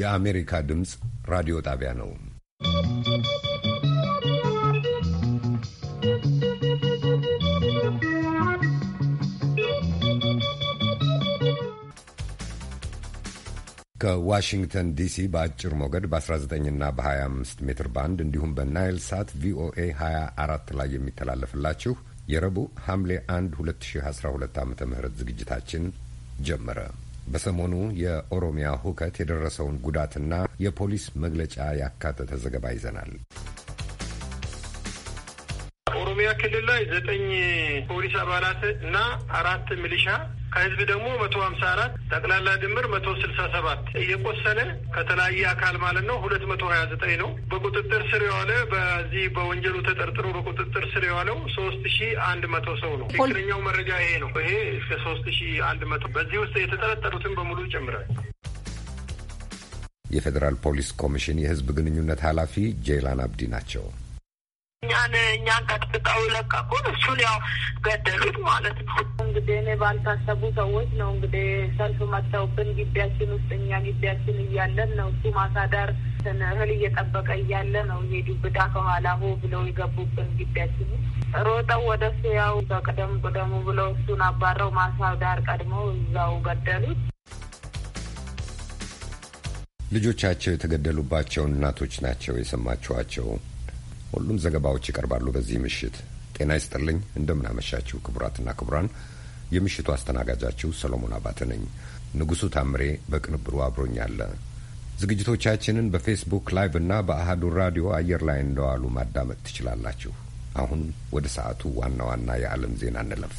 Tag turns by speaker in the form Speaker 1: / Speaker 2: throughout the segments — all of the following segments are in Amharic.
Speaker 1: የአሜሪካ ድምፅ ራዲዮ ጣቢያ ነው። ከዋሽንግተን ዲሲ በአጭር ሞገድ በ 19 እና በ25 ሜትር ባንድ እንዲሁም በናይል ሳት ቪኦኤ 24 ላይ የሚተላለፍላችሁ የረቡዕ ሐምሌ 1 2012 ዓ ም ዝግጅታችን ጀመረ። በሰሞኑ የኦሮሚያ ሁከት የደረሰውን ጉዳትና የፖሊስ መግለጫ ያካተተ ዘገባ ይዘናል።
Speaker 2: ኦሮሚያ ክልል ላይ ዘጠኝ ፖሊስ አባላት እና አራት ሚሊሻ ከህዝብ ደግሞ መቶ ሀምሳ አራት ጠቅላላ ድምር መቶ ስልሳ ሰባት እየቆሰለ ከተለያየ አካል ማለት ነው ሁለት መቶ ሀያ ዘጠኝ ነው። በቁጥጥር ስር የዋለ በዚህ በወንጀሉ ተጠርጥሮ በቁጥጥር ስር የዋለው ሶስት ሺ አንድ መቶ ሰው ነው። ትክክለኛው መረጃ ይሄ ነው። ይሄ እስከ ሶስት ሺ አንድ መቶ በዚህ ውስጥ የተጠረጠሩትን በሙሉ ይጨምራል።
Speaker 1: የፌዴራል ፖሊስ ኮሚሽን የህዝብ ግንኙነት ኃላፊ ጄይላን አብዲ ናቸው።
Speaker 2: እኛን እኛን ቀጥቅጠው ለቀቁን።
Speaker 3: እሱን ያው ገደሉት ማለት ነው። እንግዲህ እኔ ባልታሰቡ ሰዎች ነው እንግዲህ ሰልፍ መጥተውብን ግቢያችን ውስጥ እኛ ግቢያችን እያለን ነው እሱ ማሳደር እህል እየጠበቀ እያለ ነው ይሄዱ ብዳ ከኋላ ሆ ብለው የገቡብን ግቢያችን ሮጠው ወደ እሱ ያው በቅደም ቅደሙ ብለው እሱን አባረው ማሳደር ቀድመው እዛው
Speaker 4: ገደሉት።
Speaker 1: ልጆቻቸው የተገደሉባቸውን እናቶች ናቸው የሰማችኋቸው። ሁሉም ዘገባዎች ይቀርባሉ በዚህ ምሽት። ጤና ይስጥልኝ፣ እንደምናመሻችሁ ክቡራትና ክቡራን። የምሽቱ አስተናጋጃችሁ ሰሎሞን አባተ ነኝ። ንጉሡ ታምሬ በቅንብሩ አብሮኛለ። ዝግጅቶቻችንን በፌስቡክ ላይቭ እና በአህዱ ራዲዮ አየር ላይ እንደዋሉ ማዳመጥ ትችላላችሁ። አሁን ወደ ሰዓቱ ዋና ዋና የዓለም ዜና እንለፍ።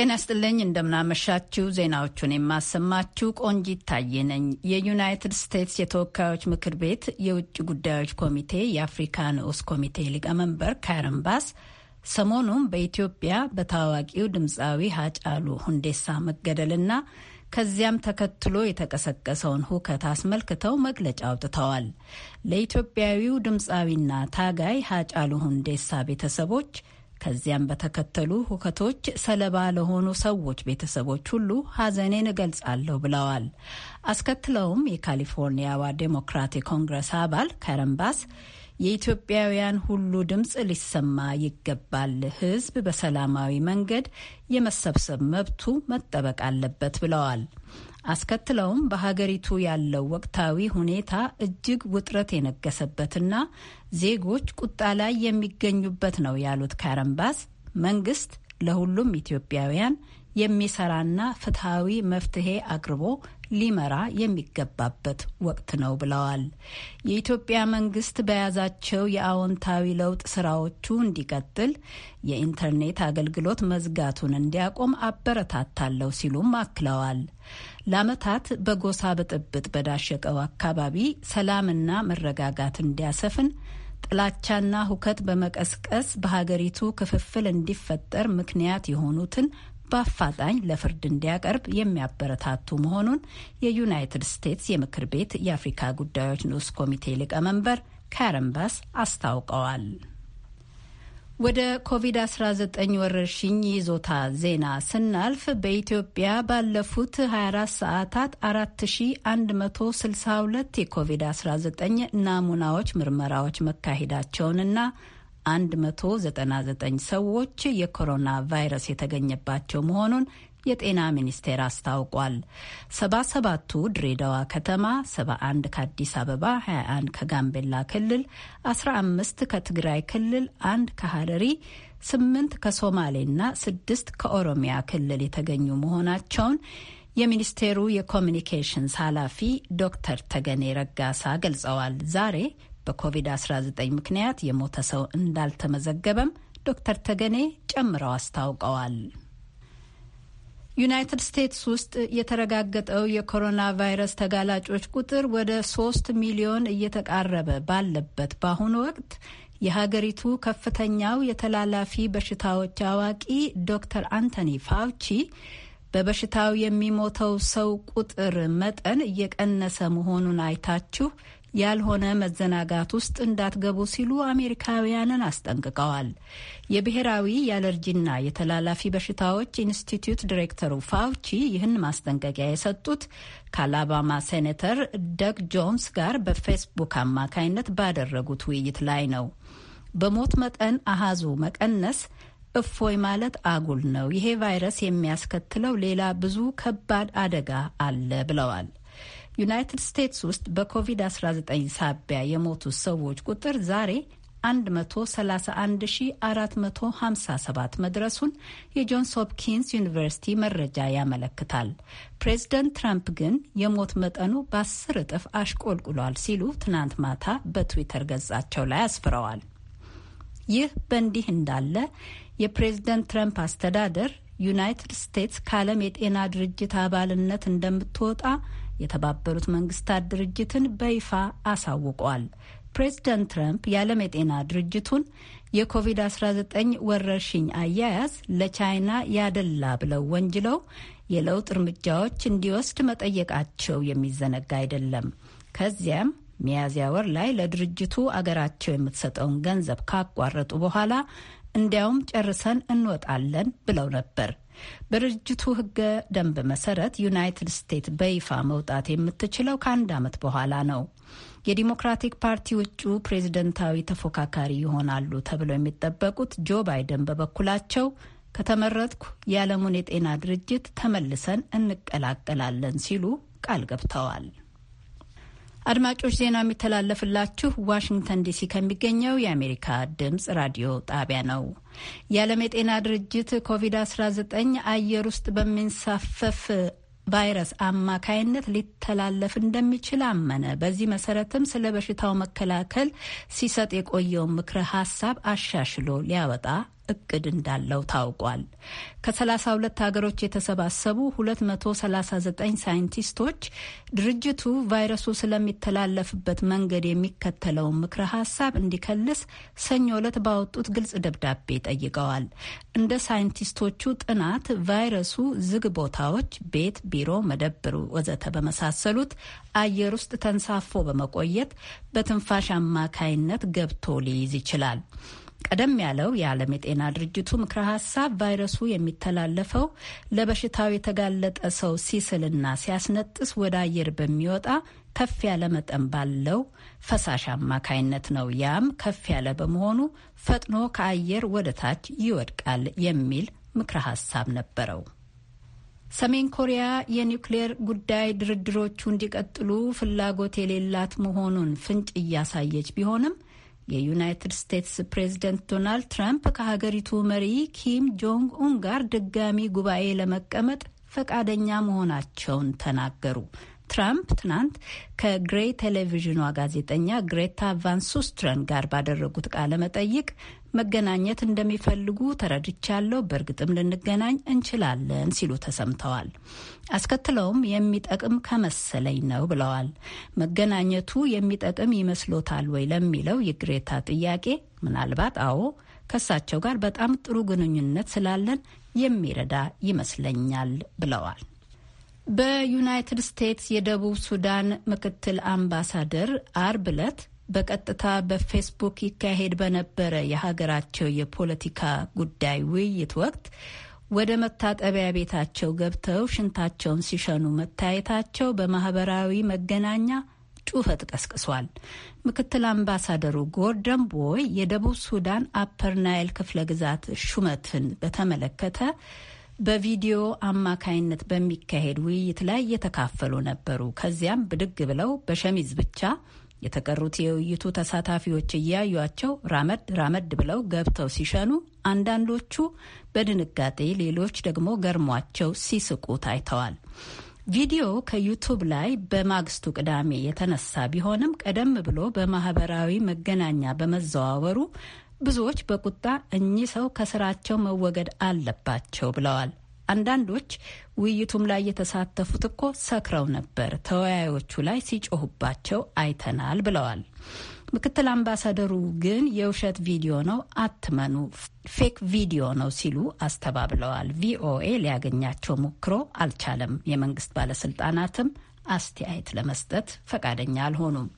Speaker 5: ጤና ስጥልኝ እንደምናመሻችው ዜናዎቹን የማሰማችው ቆንጂ ይታየ። ነኝ። የዩናይትድ ስቴትስ የተወካዮች ምክር ቤት የውጭ ጉዳዮች ኮሚቴ የአፍሪካ ንዑስ ኮሚቴ ሊቀመንበር ካረን ባስ ሰሞኑን በኢትዮጵያ በታዋቂው ድምፃዊ ሀጫሉ ሁንዴሳ መገደልና ከዚያም ተከትሎ የተቀሰቀሰውን ሁከት አስመልክተው መግለጫ አውጥተዋል። ለኢትዮጵያዊው ድምፃዊና ታጋይ ሀጫሉ ሁንዴሳ ቤተሰቦች ከዚያም በተከተሉ ሁከቶች ሰለባ ለሆኑ ሰዎች ቤተሰቦች ሁሉ ሐዘኔን እገልጻለሁ ብለዋል። አስከትለውም የካሊፎርኒያዋ ዴሞክራት ኮንግረስ አባል ከረምባስ የኢትዮጵያውያን ሁሉ ድምፅ ሊሰማ ይገባል፣ ህዝብ በሰላማዊ መንገድ የመሰብሰብ መብቱ መጠበቅ አለበት ብለዋል። አስከትለውም በሀገሪቱ ያለው ወቅታዊ ሁኔታ እጅግ ውጥረት የነገሰበትና ዜጎች ቁጣ ላይ የሚገኙበት ነው ያሉት ካረምባስ መንግስት ለሁሉም ኢትዮጵያውያን የሚሰራና ፍትሐዊ መፍትሄ አቅርቦ ሊመራ የሚገባበት ወቅት ነው ብለዋል። የኢትዮጵያ መንግስት በያዛቸው የአዎንታዊ ለውጥ ስራዎቹ እንዲቀጥል የኢንተርኔት አገልግሎት መዝጋቱን እንዲያቆም አበረታታለሁ ሲሉም አክለዋል። ለአመታት በጎሳ ብጥብጥ በዳሸቀው አካባቢ ሰላምና መረጋጋት እንዲያሰፍን ጥላቻና ሁከት በመቀስቀስ በሀገሪቱ ክፍፍል እንዲፈጠር ምክንያት የሆኑትን በአፋጣኝ ለፍርድ እንዲያቀርብ የሚያበረታቱ መሆኑን የዩናይትድ ስቴትስ የምክር ቤት የአፍሪካ ጉዳዮች ንዑስ ኮሚቴ ሊቀመንበር ካረን ባስ አስታውቀዋል። ወደ ኮቪድ-19 ወረርሽኝ ይዞታ ዜና ስናልፍ በኢትዮጵያ ባለፉት 24 ሰዓታት 4162 የኮቪድ-19 ናሙናዎች ምርመራዎች መካሄዳቸውንና 199 ሰዎች የኮሮና ቫይረስ የተገኘባቸው መሆኑን የጤና ሚኒስቴር አስታውቋል። 77ቱ ድሬዳዋ ከተማ፣ 71 ከአዲስ አበባ፣ 21 ከጋምቤላ ክልል፣ 15 ከትግራይ ክልል፣ አንድ ከሐረሪ፣ ስምንት ከሶማሌና ስድስት ከኦሮሚያ ክልል የተገኙ መሆናቸውን የሚኒስቴሩ የኮሚኒኬሽንስ ኃላፊ ዶክተር ተገኔ ረጋሳ ገልጸዋል። ዛሬ በኮቪድ-19 ምክንያት የሞተ ሰው እንዳልተመዘገበም ዶክተር ተገኔ ጨምረው አስታውቀዋል። ዩናይትድ ስቴትስ ውስጥ የተረጋገጠው የኮሮና ቫይረስ ተጋላጮች ቁጥር ወደ ሶስት ሚሊዮን እየተቃረበ ባለበት በአሁኑ ወቅት የሀገሪቱ ከፍተኛው የተላላፊ በሽታዎች አዋቂ ዶክተር አንቶኒ ፋውቺ በበሽታው የሚሞተው ሰው ቁጥር መጠን እየቀነሰ መሆኑን አይታችሁ ያልሆነ መዘናጋት ውስጥ እንዳትገቡ ሲሉ አሜሪካውያንን አስጠንቅቀዋል። የብሔራዊ የአለርጂና የተላላፊ በሽታዎች ኢንስቲትዩት ዲሬክተሩ ፋውቺ ይህን ማስጠንቀቂያ የሰጡት ከአላባማ ሴኔተር ደግ ጆንስ ጋር በፌስቡክ አማካይነት ባደረጉት ውይይት ላይ ነው። በሞት መጠን አሃዙ መቀነስ እፎይ ማለት አጉል ነው። ይሄ ቫይረስ የሚያስከትለው ሌላ ብዙ ከባድ አደጋ አለ ብለዋል። ዩናይትድ ስቴትስ ውስጥ በኮቪድ-19 ሳቢያ የሞቱ ሰዎች ቁጥር ዛሬ 131457 መድረሱን የጆንስ ሆፕኪንስ ዩኒቨርሲቲ መረጃ ያመለክታል። ፕሬዝደንት ትራምፕ ግን የሞት መጠኑ በአስር እጥፍ አሽቆልቁሏል ሲሉ ትናንት ማታ በትዊተር ገጻቸው ላይ አስፍረዋል። ይህ በእንዲህ እንዳለ የፕሬዝደንት ትራምፕ አስተዳደር ዩናይትድ ስቴትስ ከዓለም የጤና ድርጅት አባልነት እንደምትወጣ የተባበሩት መንግስታት ድርጅትን በይፋ አሳውቋል። ፕሬዚደንት ትራምፕ የዓለም የጤና ድርጅቱን የኮቪድ-19 ወረርሽኝ አያያዝ ለቻይና ያደላ ብለው ወንጅለው የለውጥ እርምጃዎች እንዲወስድ መጠየቃቸው የሚዘነጋ አይደለም። ከዚያም ሚያዝያ ወር ላይ ለድርጅቱ አገራቸው የምትሰጠውን ገንዘብ ካቋረጡ በኋላ እንዲያውም ጨርሰን እንወጣለን ብለው ነበር በድርጅቱ ህገ ደንብ መሰረት ዩናይትድ ስቴትስ በይፋ መውጣት የምትችለው ከአንድ ዓመት በኋላ ነው። የዲሞክራቲክ ፓርቲ ውጩ ፕሬዝደንታዊ ተፎካካሪ ይሆናሉ ተብለው የሚጠበቁት ጆ ባይደን በበኩላቸው ከተመረጥኩ የዓለሙን የጤና ድርጅት ተመልሰን እንቀላቀላለን ሲሉ ቃል ገብተዋል። አድማጮች ዜና የሚተላለፍላችሁ ዋሽንግተን ዲሲ ከሚገኘው የአሜሪካ ድምፅ ራዲዮ ጣቢያ ነው። የዓለም የጤና ድርጅት ኮቪድ-19 አየር ውስጥ በሚንሳፈፍ ቫይረስ አማካይነት ሊተላለፍ እንደሚችል አመነ። በዚህ መሰረትም ስለ በሽታው መከላከል ሲሰጥ የቆየውን ምክረ ሀሳብ አሻሽሎ ሊያወጣ እቅድ እንዳለው ታውቋል። ከ32 ሀገሮች የተሰባሰቡ 239 ሳይንቲስቶች ድርጅቱ ቫይረሱ ስለሚተላለፍበት መንገድ የሚከተለውን ምክረ ሀሳብ እንዲከልስ ሰኞ ዕለት ባወጡት ግልጽ ደብዳቤ ጠይቀዋል። እንደ ሳይንቲስቶቹ ጥናት ቫይረሱ ዝግ ቦታዎች፣ ቤት፣ ቢሮ፣ መደብር ወዘተ በመሳሰሉት አየር ውስጥ ተንሳፎ በመቆየት በትንፋሽ አማካይነት ገብቶ ሊይዝ ይችላል። ቀደም ያለው የዓለም የጤና ድርጅቱ ምክረ ሀሳብ ቫይረሱ የሚተላለፈው ለበሽታው የተጋለጠ ሰው ሲስልና ሲያስነጥስ ወደ አየር በሚወጣ ከፍ ያለ መጠን ባለው ፈሳሽ አማካይነት ነው። ያም ከፍ ያለ በመሆኑ ፈጥኖ ከአየር ወደ ታች ይወድቃል የሚል ምክረ ሀሳብ ነበረው። ሰሜን ኮሪያ የኒውክሌር ጉዳይ ድርድሮቹ እንዲቀጥሉ ፍላጎት የሌላት መሆኑን ፍንጭ እያሳየች ቢሆንም የዩናይትድ ስቴትስ ፕሬዝደንት ዶናልድ ትራምፕ ከሀገሪቱ መሪ ኪም ጆንግ ኡን ጋር ድጋሚ ጉባኤ ለመቀመጥ ፈቃደኛ መሆናቸውን ተናገሩ። ትራምፕ ትናንት ከግሬይ ቴሌቪዥኗ ጋዜጠኛ ግሬታ ቫን ሱስትረን ጋር ባደረጉት ቃለ መጠይቅ መገናኘት እንደሚፈልጉ ተረድቻለሁ። በእርግጥም ልንገናኝ እንችላለን ሲሉ ተሰምተዋል። አስከትለውም የሚጠቅም ከመሰለኝ ነው ብለዋል። መገናኘቱ የሚጠቅም ይመስሎታል ወይ ለሚለው የግሬታ ጥያቄ ምናልባት አዎ፣ ከእሳቸው ጋር በጣም ጥሩ ግንኙነት ስላለን የሚረዳ ይመስለኛል ብለዋል። በዩናይትድ ስቴትስ የደቡብ ሱዳን ምክትል አምባሳደር አርብ ዕለት በቀጥታ በፌስቡክ ይካሄድ በነበረ የሀገራቸው የፖለቲካ ጉዳይ ውይይት ወቅት ወደ መታጠቢያ ቤታቸው ገብተው ሽንታቸውን ሲሸኑ መታየታቸው በማህበራዊ መገናኛ ጩኸት ቀስቅሷል። ምክትል አምባሳደሩ ጎርደን ቦይ የደቡብ ሱዳን አፐር ናይል ክፍለ ግዛት ሹመትን በተመለከተ በቪዲዮ አማካይነት በሚካሄድ ውይይት ላይ እየተካፈሉ ነበሩ። ከዚያም ብድግ ብለው በሸሚዝ ብቻ የተቀሩት የውይይቱ ተሳታፊዎች እያዩቸው ራመድ ራመድ ብለው ገብተው ሲሸኑ፣ አንዳንዶቹ በድንጋጤ ሌሎች ደግሞ ገርሟቸው ሲስቁ ታይተዋል። ቪዲዮው ከዩቱብ ላይ በማግስቱ ቅዳሜ የተነሳ ቢሆንም ቀደም ብሎ በማህበራዊ መገናኛ በመዘዋወሩ ብዙዎች በቁጣ እኚህ ሰው ከስራቸው መወገድ አለባቸው ብለዋል። አንዳንዶች ውይይቱም ላይ የተሳተፉት እኮ ሰክረው ነበር፣ ተወያዮቹ ላይ ሲጮሁባቸው አይተናል ብለዋል። ምክትል አምባሳደሩ ግን የውሸት ቪዲዮ ነው፣ አትመኑ፣ ፌክ ቪዲዮ ነው ሲሉ አስተባብለዋል። ቪኦኤ ሊያገኛቸው ሞክሮ አልቻለም። የመንግስት ባለስልጣናትም አስተያየት ለመስጠት ፈቃደኛ አልሆኑም።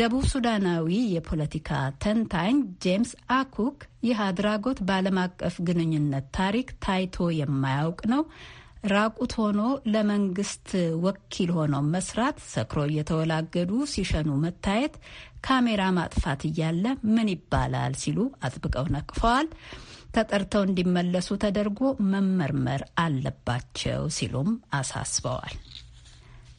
Speaker 5: ደቡብ ሱዳናዊ የፖለቲካ ተንታኝ ጄምስ አኩክ ይህ አድራጎት በዓለም አቀፍ ግንኙነት ታሪክ ታይቶ የማያውቅ ነው ራቁት ሆኖ ለመንግስት ወኪል ሆነው መስራት፣ ሰክሮ እየተወላገዱ ሲሸኑ መታየት፣ ካሜራ ማጥፋት እያለ ምን ይባላል ሲሉ አጥብቀው ነቅፈዋል። ተጠርተው እንዲመለሱ ተደርጎ መመርመር አለባቸው ሲሉም አሳስበዋል።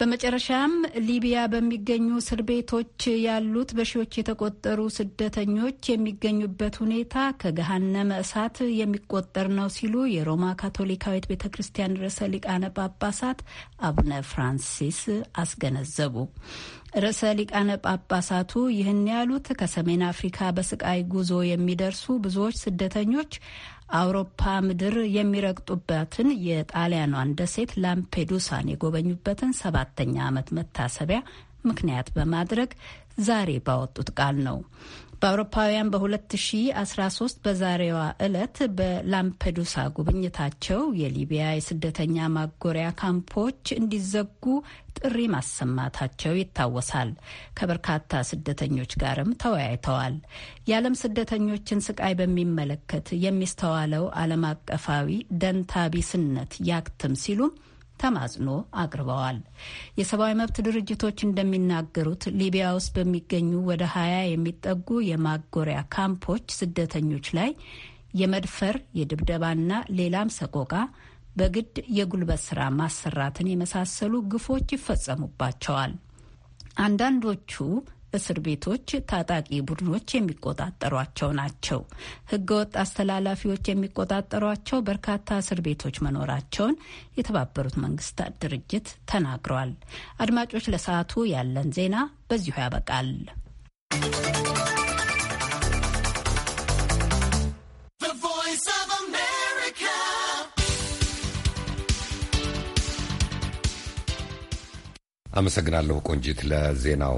Speaker 5: በመጨረሻም ሊቢያ በሚገኙ እስር ቤቶች ያሉት በሺዎች የተቆጠሩ ስደተኞች የሚገኙበት ሁኔታ ከገሃነመ እሳት የሚቆጠር ነው ሲሉ የሮማ ካቶሊካዊት ቤተ ክርስቲያን ርዕሰ ሊቃነ ጳጳሳት አቡነ ፍራንሲስ አስገነዘቡ። ርዕሰ ሊቃነ ጳጳሳቱ ይህን ያሉት ከሰሜን አፍሪካ በስቃይ ጉዞ የሚደርሱ ብዙዎች ስደተኞች አውሮፓ ምድር የሚረግጡበትን የጣሊያኗን ደሴት ላምፔዱሳን የጎበኙበትን ሰባተኛ ዓመት መታሰቢያ ምክንያት በማድረግ ዛሬ ባወጡት ቃል ነው። በአውሮፓውያን በ2013 በዛሬዋ ዕለት በላምፔዱሳ ጉብኝታቸው የሊቢያ የስደተኛ ማጎሪያ ካምፖች እንዲዘጉ ጥሪ ማሰማታቸው ይታወሳል። ከበርካታ ስደተኞች ጋርም ተወያይተዋል። የዓለም ስደተኞችን ስቃይ በሚመለከት የሚስተዋለው ዓለም አቀፋዊ ደንታቢስነት ያክትም ሲሉም ተማጽኖ አቅርበዋል። የሰብአዊ መብት ድርጅቶች እንደሚናገሩት ሊቢያ ውስጥ በሚገኙ ወደ ሀያ የሚጠጉ የማጎሪያ ካምፖች ስደተኞች ላይ የመድፈር የድብደባና ሌላም ሰቆቃ በግድ የጉልበት ስራ ማሰራትን የመሳሰሉ ግፎች ይፈጸሙባቸዋል። አንዳንዶቹ እስር ቤቶች ታጣቂ ቡድኖች የሚቆጣጠሯቸው ናቸው። ህገወጥ አስተላላፊዎች የሚቆጣጠሯቸው በርካታ እስር ቤቶች መኖራቸውን የተባበሩት መንግስታት ድርጅት ተናግሯል። አድማጮች፣ ለሰዓቱ ያለን ዜና በዚሁ ያበቃል።
Speaker 1: አመሰግናለሁ ቆንጂት ለዜናው።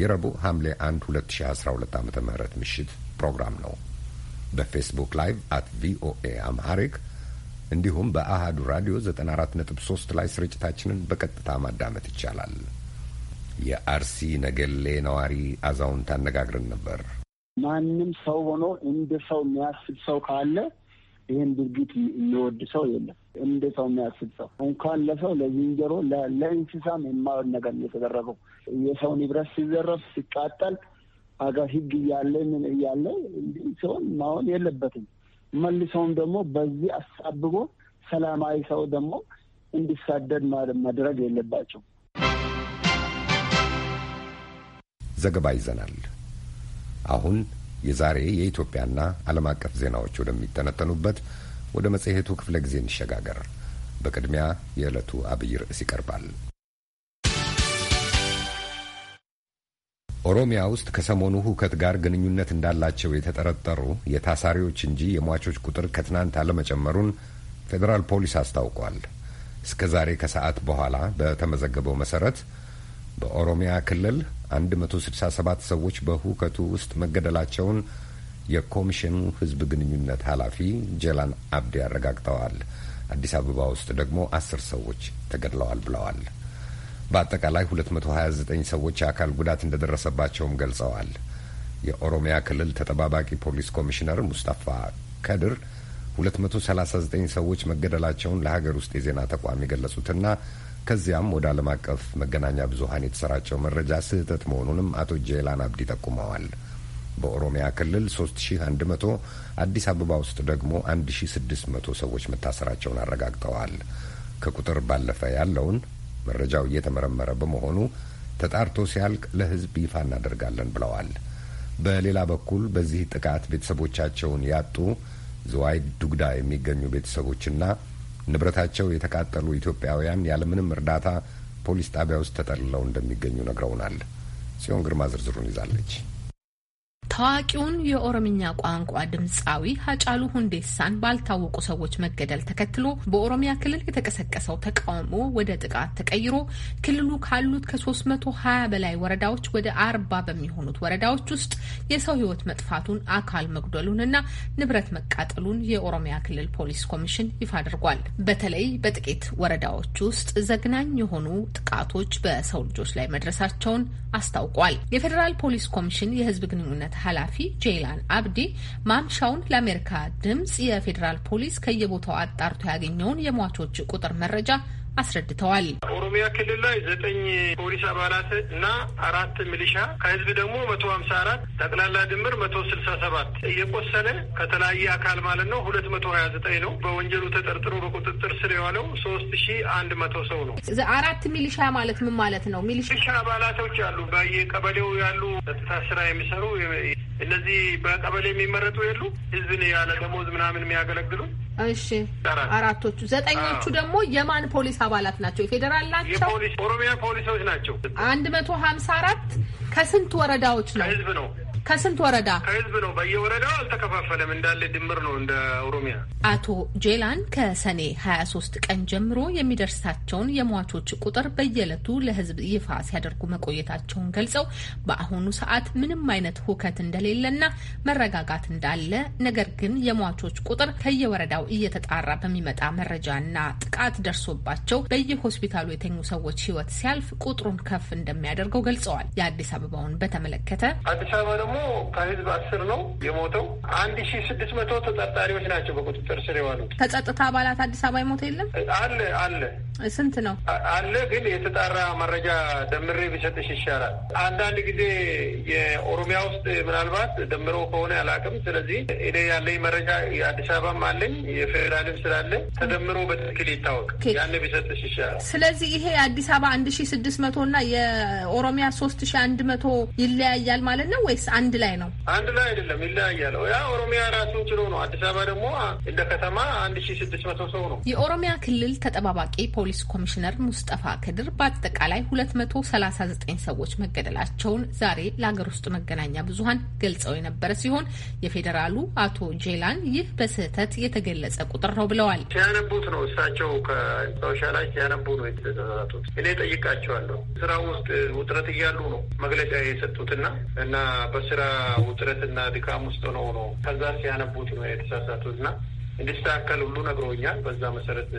Speaker 1: የረቡዕ ሐምሌ 1 2012 ዓ ም ምሽት ፕሮግራም ነው። በፌስቡክ ላይቭ አት ቪኦኤ አምሃሪክ እንዲሁም በአሃዱ ራዲዮ 94.3 ላይ ስርጭታችንን በቀጥታ ማዳመጥ ይቻላል። የአርሲ ነገሌ ነዋሪ አዛውንት አነጋግረን ነበር።
Speaker 6: ማንም ሰው ሆኖ እንደ ሰው የሚያስብ ሰው ካለ ይህን ድርጊት የሚወድ ሰው የለም። እንደ ሰው የሚያስብ ሰው እንኳን ለሰው ለዝንጀሮ፣ ለእንስሳም የማይሆን ነገር የተደረገው የሰው ንብረት ሲዘረፍ፣ ሲቃጠል ሀገር ህግ እያለ ምን እያለ እንዲህ ሲሆን ማሆን የለበትም። መልሰውም ደግሞ በዚህ አሳብቦ ሰላማዊ ሰው ደግሞ እንዲሳደድ ማድረግ የለባቸው።
Speaker 1: ዘገባ ይዘናል አሁን የዛሬ የኢትዮጵያና ዓለም አቀፍ ዜናዎች ወደሚተነተኑበት ወደ መጽሔቱ ክፍለ ጊዜ እንሸጋገር። በቅድሚያ የዕለቱ አብይ ርዕስ ይቀርባል። ኦሮሚያ ውስጥ ከሰሞኑ ሁከት ጋር ግንኙነት እንዳላቸው የተጠረጠሩ የታሳሪዎች እንጂ የሟቾች ቁጥር ከትናንት አለመጨመሩን ፌዴራል ፖሊስ አስታውቋል። እስከ ዛሬ ከሰዓት በኋላ በተመዘገበው መሰረት በኦሮሚያ ክልል 167 ሰዎች በሁከቱ ውስጥ መገደላቸውን የኮሚሽኑ ህዝብ ግንኙነት ኃላፊ ጀላን አብዲ አረጋግጠዋል። አዲስ አበባ ውስጥ ደግሞ አስር ሰዎች ተገድለዋል ብለዋል። በአጠቃላይ 229 ሰዎች የአካል ጉዳት እንደደረሰባቸውም ገልጸዋል። የኦሮሚያ ክልል ተጠባባቂ ፖሊስ ኮሚሽነር ሙስጣፋ ከድር 239 ሰዎች መገደላቸውን ለሀገር ውስጥ የዜና ተቋም የገለጹትና ከዚያም ወደ ዓለም አቀፍ መገናኛ ብዙሀን የተሰራጨው መረጃ ስህተት መሆኑንም አቶ ጄላን አብዲ ጠቁመዋል። በኦሮሚያ ክልል 3100 አዲስ አበባ ውስጥ ደግሞ 1600 ሰዎች መታሰራቸውን አረጋግጠዋል። ከቁጥር ባለፈ ያለውን መረጃው እየተመረመረ በመሆኑ ተጣርቶ ሲያልቅ ለሕዝብ ይፋ እናደርጋለን ብለዋል። በሌላ በኩል በዚህ ጥቃት ቤተሰቦቻቸውን ያጡ ዝዋይ ዱግዳ የሚገኙ ቤተሰቦችና ንብረታቸው የተቃጠሉ ኢትዮጵያውያን ያለምንም እርዳታ ፖሊስ ጣቢያ ውስጥ ተጠልለው እንደሚገኙ ነግረውናል። ጽዮን ግርማ ዝርዝሩን ይዛለች።
Speaker 7: ታዋቂውን የኦሮምኛ ቋንቋ ድምፃዊ ሀጫሉ ሁንዴሳን ባልታወቁ ሰዎች መገደል ተከትሎ በኦሮሚያ ክልል የተቀሰቀሰው ተቃውሞ ወደ ጥቃት ተቀይሮ ክልሉ ካሉት ከ320 በላይ ወረዳዎች ወደ አርባ በሚሆኑት ወረዳዎች ውስጥ የሰው ሕይወት መጥፋቱን አካል መጉደሉንና ንብረት መቃጠሉን የኦሮሚያ ክልል ፖሊስ ኮሚሽን ይፋ አድርጓል። በተለይ በጥቂት ወረዳዎች ውስጥ ዘግናኝ የሆኑ ጥቃቶች በሰው ልጆች ላይ መድረሳቸውን አስታውቋል። የፌዴራል ፖሊስ ኮሚሽን የህዝብ ግንኙነት ኃላፊ ጄይላን አብዲ ማምሻውን ለአሜሪካ ድምጽ የፌዴራል ፖሊስ ከየቦታው አጣርቶ ያገኘውን የሟቾች ቁጥር መረጃ አስረድተዋል።
Speaker 2: ኦሮሚያ ክልል ላይ ዘጠኝ ፖሊስ አባላት እና አራት ሚሊሻ ከህዝብ ደግሞ መቶ ሀምሳ አራት ጠቅላላ ድምር መቶ ስልሳ ሰባት እየቆሰለ ከተለያየ አካል ማለት ነው ሁለት መቶ ሀያ ዘጠኝ ነው። በወንጀሉ ተጠርጥሮ በቁጥጥር ስር የዋለው ሶስት ሺ አንድ መቶ ሰው ነው።
Speaker 7: አራት ሚሊሻ ማለት ምን ማለት ነው? ሚሊሻ አባላቶች
Speaker 2: አሉ በየቀበሌው ያሉ ጸጥታ ስራ የሚሰሩ እነዚህ በቀበሌ የሚመረጡ የሉ ህዝብን ያለ ደሞዝ
Speaker 7: ምናምን የሚያገለግሉ እሺ፣ አራቶቹ ዘጠኞቹ ደግሞ የማን ፖሊስ አባላት ናቸው? የፌዴራል ናቸው?
Speaker 2: ኦሮሚያ ፖሊሶች ናቸው። አንድ
Speaker 7: መቶ ሀምሳ አራት ከስንት ወረዳዎች ነው? ከህዝብ ነው ከስንት ወረዳ
Speaker 2: ከህዝብ ነው? በየወረዳው አልተከፋፈለም፣ እንዳለ ድምር ነው እንደ ኦሮሚያ።
Speaker 7: አቶ ጄላን ከሰኔ 23 ቀን ጀምሮ የሚደርሳቸውን የሟቾች ቁጥር በየዕለቱ ለህዝብ ይፋ ሲያደርጉ መቆየታቸውን ገልጸው በአሁኑ ሰዓት ምንም አይነት ሁከት እንደሌለና መረጋጋት እንዳለ፣ ነገር ግን የሟቾች ቁጥር ከየወረዳው እየተጣራ በሚመጣ መረጃና ጥቃት ደርሶባቸው በየሆስፒታሉ የተኙ ሰዎች ህይወት ሲያልፍ ቁጥሩን ከፍ እንደሚያደርገው ገልጸዋል። የአዲስ አበባውን በተመለከተ
Speaker 2: አዲስ አበባ ደግሞ ደግሞ ከህዝብ አስር ነው የሞተው። አንድ ሺ ስድስት መቶ ተጠርጣሪዎች ናቸው በቁጥጥር ስር የዋሉት።
Speaker 7: ከጸጥታ አባላት አዲስ አበባ የሞተ የለም አለ አለ ስንት ነው
Speaker 2: አለ። ግን የተጣራ መረጃ ደምሬ ቢሰጥሽ ይሻላል። አንዳንድ ጊዜ የኦሮሚያ ውስጥ ምናልባት ደምሮ ከሆነ አላውቅም። ስለዚህ እኔ ያለኝ መረጃ የአዲስ አበባም አለኝ የፌዴራልም ስላለ ተደምሮ በትክክል ይታወቅ። ያን ቢሰጥሽ ይሻላል። ስለዚህ
Speaker 7: ይሄ አዲስ አበባ አንድ ሺ ስድስት መቶ እና የኦሮሚያ ሶስት ሺ አንድ መቶ ይለያያል ማለት ነው ወይስ አንድ ላይ ነው?
Speaker 2: አንድ ላይ አይደለም፣ ይለያያል። ያ ኦሮሚያ ራሱን ችሎ ነው። አዲስ አበባ ደግሞ እንደ ከተማ አንድ ሺ ስድስት መቶ ሰው ነው።
Speaker 7: የኦሮሚያ ክልል ተጠባባቂ ፖሊስ ኮሚሽነር ሙስጠፋ ክድር በአጠቃላይ ሁለት መቶ ሰላሳ ዘጠኝ ሰዎች መገደላቸውን ዛሬ ለሀገር ውስጥ መገናኛ ብዙሀን ገልጸው የነበረ ሲሆን የፌዴራሉ አቶ ጄላን ይህ በስህተት የተገለጸ ቁጥር ነው ብለዋል።
Speaker 2: ሲያነቡት ነው እሳቸው ከሻ ላይ ሲያነቡ ነው የተሳሳቱት። እኔ ጠይቃቸዋለሁ። ስራ ውስጥ ውጥረት እያሉ ነው መግለጫ የሰጡትና እና በስ የስራ ውጥረትና ድካም ውስጥ ነው ነው ከዛ ሲያነቡት ነው የተሳሳቱት እና እንዲስተካከል ሁሉ ነግሮኛል። በዛ መሰረት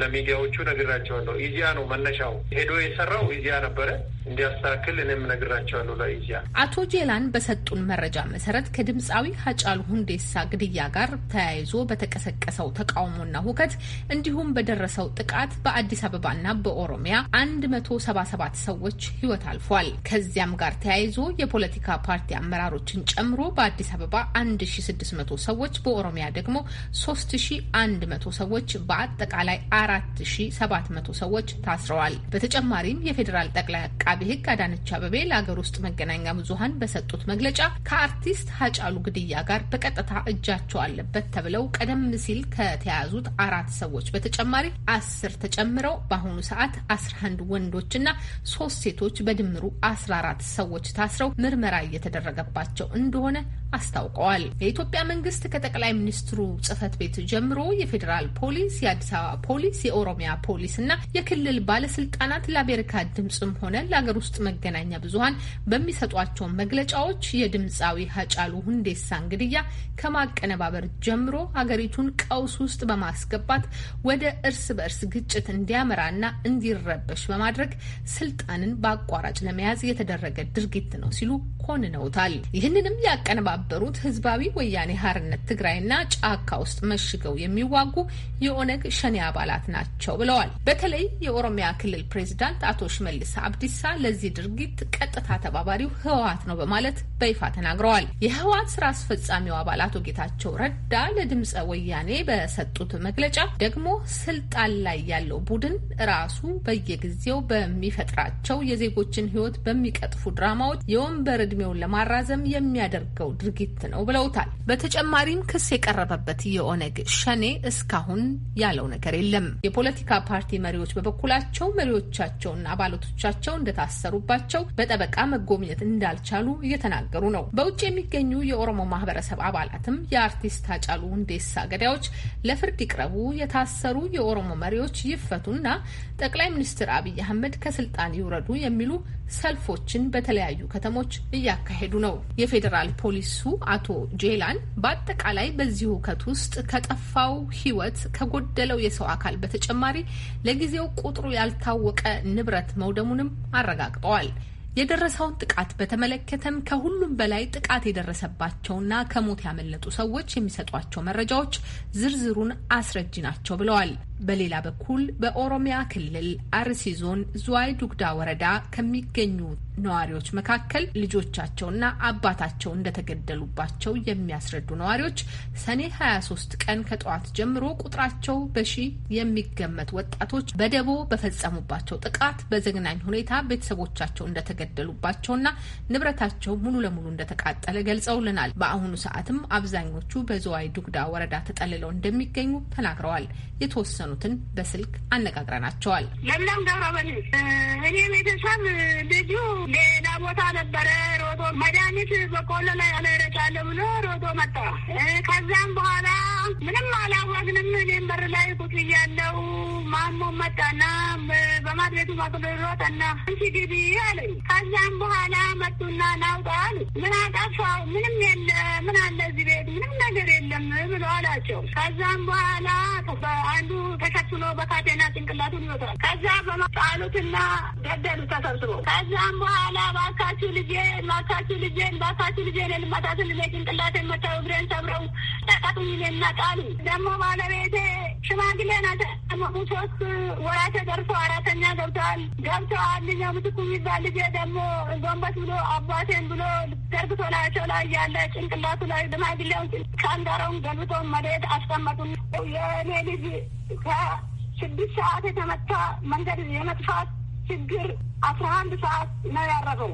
Speaker 2: ለሚዲያዎቹ ነግራቸዋለሁ። ኢዚያ ነው መነሻው። ሄዶ የሰራው ኢዚያ ነበረ እንዲያስተካክል እኔም ነግራቸዋለሁ ለኢዚያ።
Speaker 7: አቶ ጄላን በሰጡን መረጃ መሰረት ከድምፃዊ ሀጫሉ ሁንዴሳ ግድያ ጋር ተያይዞ በተቀሰቀሰው ተቃውሞና ሁከት እንዲሁም በደረሰው ጥቃት በአዲስ አበባና በኦሮሚያ 177 ሰዎች ህይወት አልፏል። ከዚያም ጋር ተያይዞ የፖለቲካ ፓርቲ አመራሮችን ጨምሮ በአዲስ አበባ 1600 ሰዎች በኦሮሚያ ደግሞ ሶስት 3100 ሰዎች በአጠቃላይ 4700 ሰዎች ታስረዋል። በተጨማሪም የፌዴራል ጠቅላይ አቃቤ ሕግ አዳነች አበቤ ለሀገር ውስጥ መገናኛ ብዙሀን በሰጡት መግለጫ ከአርቲስት ሀጫሉ ግድያ ጋር በቀጥታ እጃቸው አለበት ተብለው ቀደም ሲል ከተያዙት አራት ሰዎች በተጨማሪ አስር ተጨምረው በአሁኑ ሰዓት 11 ወንዶችና ሶስት ሴቶች በድምሩ 14 ሰዎች ታስረው ምርመራ እየተደረገባቸው እንደሆነ አስታውቀዋል። የኢትዮጵያ መንግስት ከጠቅላይ ሚኒስትሩ ጽህፈት ቤት ቤት ጀምሮ የፌዴራል ፖሊስ፣ የአዲስ አበባ ፖሊስ፣ የኦሮሚያ ፖሊስ እና የክልል ባለስልጣናት ለአሜሪካ ድምፅም ሆነ ለሀገር ውስጥ መገናኛ ብዙኃን በሚሰጧቸው መግለጫዎች የድምፃዊ ሀጫሉ ሁንዴሳን ግድያ ከማቀነባበር ጀምሮ አገሪቱን ቀውስ ውስጥ በማስገባት ወደ እርስ በእርስ ግጭት እንዲያመራና እንዲረበሽ በማድረግ ስልጣንን በአቋራጭ ለመያዝ የተደረገ ድርጊት ነው ሲሉ ኮንነውታል። ይህንንም ያቀነባበሩት ህዝባዊ ወያኔ ሀርነት ትግራይና ጫካ ውስጥ መሽገው የሚዋጉ የኦነግ ሸኔ አባላት ናቸው ብለዋል። በተለይ የኦሮሚያ ክልል ፕሬዚዳንት አቶ ሽመልስ አብዲሳ ለዚህ ድርጊት ቀጥታ ተባባሪው ህወሀት ነው በማለት በይፋ ተናግረዋል። የህወሀት ስራ አስፈጻሚው አባላት ጌታቸው ረዳ ለድምፀ ወያኔ በሰጡት መግለጫ ደግሞ ስልጣን ላይ ያለው ቡድን ራሱ በየጊዜው በሚፈጥራቸው የዜጎችን ህይወት በሚቀጥፉ ድራማዎች የወንበር እድሜውን ለማራዘም የሚያደርገው ድርጊት ነው ብለውታል። በተጨማሪም ክስ የቀረበበት የኦነ ኢህአዴግ ሸኔ እስካሁን ያለው ነገር የለም። የፖለቲካ ፓርቲ መሪዎች በበኩላቸው መሪዎቻቸውና አባላቶቻቸው እንደታሰሩባቸው በጠበቃ መጎብኘት እንዳልቻሉ እየተናገሩ ነው። በውጭ የሚገኙ የኦሮሞ ማህበረሰብ አባላትም የአርቲስት አጫሉ ሁንዴሳ ገዳዮች ለፍርድ ይቅረቡ፣ የታሰሩ የኦሮሞ መሪዎች ይፈቱና ጠቅላይ ሚኒስትር አብይ አህመድ ከስልጣን ይውረዱ የሚሉ ሰልፎችን በተለያዩ ከተሞች እያካሄዱ ነው። የፌዴራል ፖሊሱ አቶ ጄላን በአጠቃላይ በዚህ ሁከት ውስጥ ከጠፋው ሕይወት ከጎደለው የሰው አካል በተጨማሪ ለጊዜው ቁጥሩ ያልታወቀ ንብረት መውደሙንም አረጋግጠዋል። የደረሰውን ጥቃት በተመለከተም ከሁሉም በላይ ጥቃት የደረሰባቸውና ከሞት ያመለጡ ሰዎች የሚሰጧቸው መረጃዎች ዝርዝሩን አስረጅ ናቸው ብለዋል። በሌላ በኩል በኦሮሚያ ክልል አርሲ ዞን ዝዋይ ዱግዳ ወረዳ ከሚገኙ ነዋሪዎች መካከል ልጆቻቸውና አባታቸው እንደተገደሉባቸው የሚያስረዱ ነዋሪዎች ሰኔ 23 ቀን ከጠዋት ጀምሮ ቁጥራቸው በሺ የሚገመት ወጣቶች በደቦ በፈጸሙባቸው ጥቃት በዘግናኝ ሁኔታ ቤተሰቦቻቸው እንደተገደሉባቸውና ንብረታቸው ሙሉ ለሙሉ እንደተቃጠለ ገልጸውልናል። በአሁኑ ሰዓትም አብዛኞቹ በዝዋይ ዱግዳ ወረዳ ተጠልለው እንደሚገኙ ተናግረዋል። የተወሰኑ የተወሰኑትን በስልክ አነጋግረናቸዋል።
Speaker 4: ለምለም ገብረበል እኔ ቤተሰብ ልጁ ሌላ ቦታ ነበረ ሮጦ መድኃኒት በቆሎ ላይ ያለረጫለ ብሎ ሮጦ መጣ። ከዛም በኋላ ምንም አላወቅንም። እኔም በር ላይ ቁጭ እያለሁ ማሞ መጣና በማድቤቱ በቅሎ ሮጠና አንቺ ግቢ አለኝ። ከዛም በኋላ መጡና ናውጣል። ምን አጠፋው? ምንም የለ ምን አለ እዚህ ቤት ምንም ነገር የለም ብሎ አላቸው። ከዛም በኋላ አንዱ ተሸክሞ በካቴና ጭንቅላቱን ይወጣል። ከዛ በመጣሉትና ገደሉ ተሰብስቦ። ከዛም በኋላ ባካችሁ ልጄ፣ ባካችሁ ልጄ፣ ባካችሁ ልጄ ልማታትን ልጄ ጭንቅላቴን መታው እግሬን ሰብረው ጠቀጡኝና ጣሉ። ደግሞ ባለቤቴ ሽማግሌ ናቸው። ሶስት ወራቸው ደርሶ አራተኛ ገብተዋል ገብተዋል። ልኛ ምትኩ የሚባል ልጄ ደግሞ ጎንበስ ብሎ አባቴን ብሎ ገርብቶ ላያቸው ላይ ያለ ጭንቅላቱ ላይ ሽማግሌውን ከንጋረውን ገልብቶ መሬት አስቀመጡ። የእኔ ልጅ ከስድስት ሰዓት የተመታ መንገድ የመጥፋት ችግር አስራ አንድ ሰዓት ነው ያረፈው።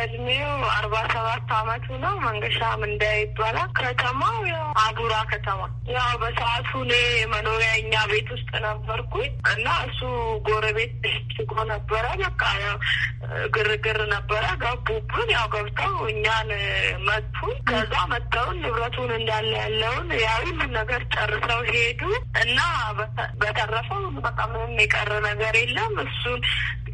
Speaker 4: እድሜው አርባ ሰባት አመቱ ነው። መንገሻ ምንዳይ
Speaker 8: ይባላል። ከተማው ያው አዱራ ከተማ ያው በሰዓቱ እኔ መኖሪያ እኛ ቤት ውስጥ ነበርኩኝ እና እሱ ጎረቤት ችጎ ነበረ። በቃ ያው ግርግር ነበረ። ገቡብን። ያው ገብተው እኛን መቱ። ከዛ መተውን ንብረቱን እንዳለ ያለውን ያው ነገር ጨርሰው ሄዱ እና በተረፈው በቃ ምንም የቀረ ነገር የለም እሱን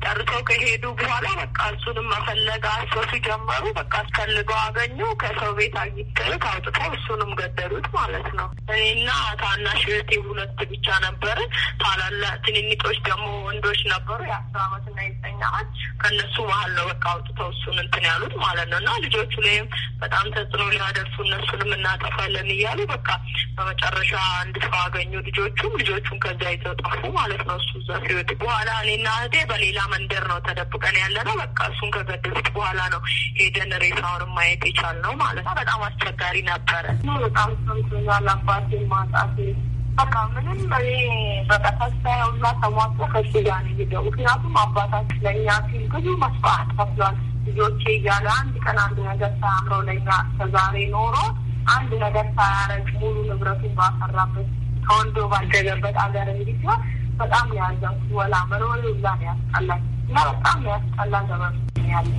Speaker 8: ጠርተው ከሄዱ በኋላ በቃ እሱንም መፈለግ አሰሱ ጀመሩ። በቃ አስፈልገው አገኙ። ከሰው ቤት አግኝተውት አውጥተው እሱንም ገደሉት ማለት ነው። እኔና ታናሽ እህቴ ሁለት ብቻ ነበር። ታላላ ትንንጦች ደግሞ ወንዶች ነበሩ የአስር አመትና የዘጠኝ አመት ከእነሱ መሀል ነው በቃ አውጥተው እሱን እንትን ያሉት ማለት ነው። እና ልጆቹ ላይም በጣም ተጽዕኖ ሊያደርሱ እነሱንም እናጠፋለን እያሉ በቃ በመጨረሻ አንድ ሰው አገኙ። ልጆቹም ልጆቹን ከዚያ ይዘው ጠፉ ማለት ነው። እሱ እዛ ሲወጡ በኋላ እኔና እህቴ በሌላ መንደር ነው ተደብቀን ያለ ነው። በቃ እሱን ከገደሉት በኋላ ነው ሄደን ሬሳውን ማየት የቻልነው ማለት ነው። በጣም አስቸጋሪ ነበረ። በጣም ሰምቶኛል አባቴ ማጣት በቃ ምንም እኔ በቃ ተስፋ ሁላ ተሟጦ ከሱ ጋር ነው ሄደው። ምክንያቱም አባታችን ለእኛ ሲል ብዙ መስዋዕት ከፍሏል። ልጆቼ እያለ አንድ ቀን አንድ ነገር ሳያምረው ለኛ እስከዛሬ ኖሮ አንድ ነገር ሳያረግ ሙሉ ንብረቱን ባፈራበት ከወንዶ ባደገበት አገር እንዲህ ሲሆን በጣም ያዘንኩ ወላ መኖሬ እዛ ያስጠላኝ እና በጣም ያስጠላ ገበብ ያለ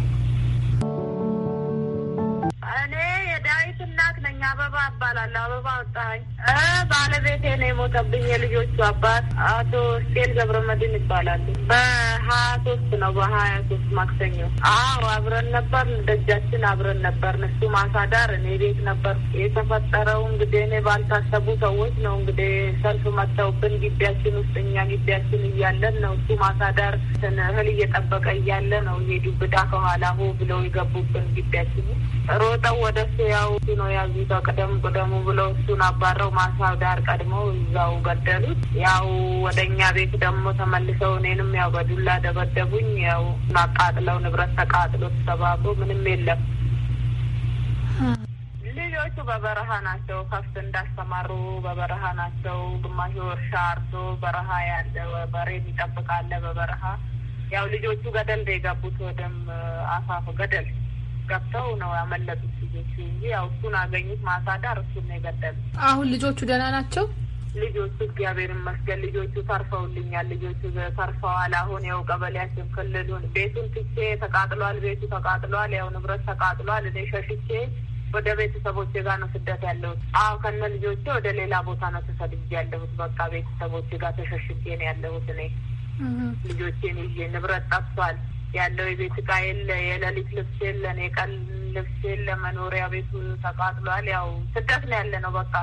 Speaker 4: እኔ የዳዊት እናት ነኝ። አበባ እባላለሁ። አበባ ወጣኝ።
Speaker 3: ባለቤቴ ነው የሞተብኝ። የልጆቹ አባት አቶ ገብረ ገብረመድን ይባላሉ። በሀያ ሶስት ነው በሀያ ሶስት ማክሰኞ። አዎ አብረን ነበር፣ ደጃችን አብረን ነበር። እሱ ማሳዳር እኔ ቤት ነበር። የተፈጠረው እንግዲህ እኔ ባልታሰቡ ሰዎች ነው እንግዲህ ሰልፍ መጥተውብን ግቢያችን ውስጥ እኛ ግቢያችን እያለን ነው እሱ ማሳዳር እህል እየጠበቀ እያለ ነው እየዱብዳ ከኋላ ሆ ብለው የገቡብን ግቢያችን ውስጥ እንደወጣው ወደ እሱ ያው ነው ያዙ ቀደሙ ቀደሙ ብለው እሱን አባረው ማሳው ዳር ቀድመው እዛው ገደሉት። ያው ወደ እኛ ቤት ደግሞ ተመልሰው እኔንም ያው በዱላ ደበደቡኝ። ያው አቃጥለው ንብረት ተቃጥሎ ተሰባብሮ ምንም የለም። ልጆቹ በበረሃ ናቸው። ከፍት እንዳስተማሩ በበረሃ ናቸው። ግማሽ እርሻ አርሶ በረሃ ያለ በሬ ይጠብቃለ በበረሃ ያው ልጆቹ ገደል የገቡት ወደም አፋፍ ገደል ገብተው ነው ያመለጡት ልጆቹ እንጂ ያው እሱን አገኙት ማሳዳር እሱን ነው የገደሉት። አሁን ልጆቹ ደህና ናቸው። ልጆቹ እግዚአብሔር ይመስገን ልጆቹ ተርፈውልኛል። ልጆቹ ተርፈዋል። አሁን ያው ቀበሌያችን ክልሉን ቤቱን ትቼ ተቃጥሏል። ቤቱ ተቃጥሏል። ያው ንብረት ተቃጥሏል። እኔ ሸሽቼ ወደ ቤተሰቦች ጋር ነው ስደት ያለሁት። አዎ ከነ ልጆቼ ወደ ሌላ ቦታ ነው ተሰድጄ ያለሁት። በቃ ቤተሰቦች ጋር ተሸሽቼ ነው ያለሁት። እኔ ልጆቼን ይዤ ንብረት ጠፍቷል። ያለው የቤት እቃ የለ፣ የሌሊት ልብስ የለን፣ የቀን ልብስ የለ፣ መኖሪያ ቤቱ ተቃጥሏል። ያው ስደት ነው ያለ ነው በቃ።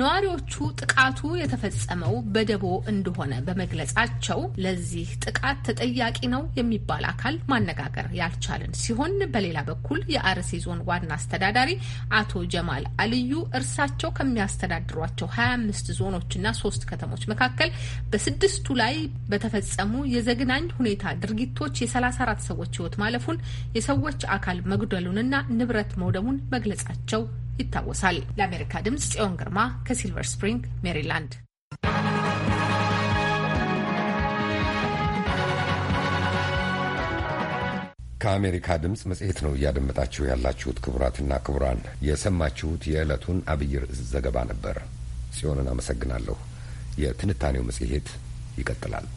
Speaker 7: ነዋሪዎቹ ጥቃቱ የተፈጸመው በደቦ እንደሆነ በመግለጻቸው ለዚህ ጥቃት ተጠያቂ ነው የሚባል አካል ማነጋገር ያልቻልን ሲሆን፣ በሌላ በኩል የአርሲ ዞን ዋና አስተዳዳሪ አቶ ጀማል አልዩ እርሳቸው ከሚያስተዳድሯቸው ሀያ አምስት ዞኖችና ሶስት ከተሞች መካከል በስድስቱ ላይ በተፈጸሙ የዘግናኝ ሁኔታ ድርጊቶች የሰላሳ አራት የአራት ሰዎች ህይወት ማለፉን የሰዎች አካል መጉደሉንና ንብረት መውደሙን መግለጻቸው ይታወሳል። ለአሜሪካ ድምፅ ጽዮን ግርማ ከሲልቨር ስፕሪንግ ሜሪላንድ።
Speaker 1: ከአሜሪካ ድምፅ መጽሔት ነው እያደመጣችሁ ያላችሁት። ክቡራትና ክቡራን የሰማችሁት የዕለቱን አብይ ርዕስ ዘገባ ነበር። ጽዮንን አመሰግናለሁ። የትንታኔው መጽሔት ይቀጥላል።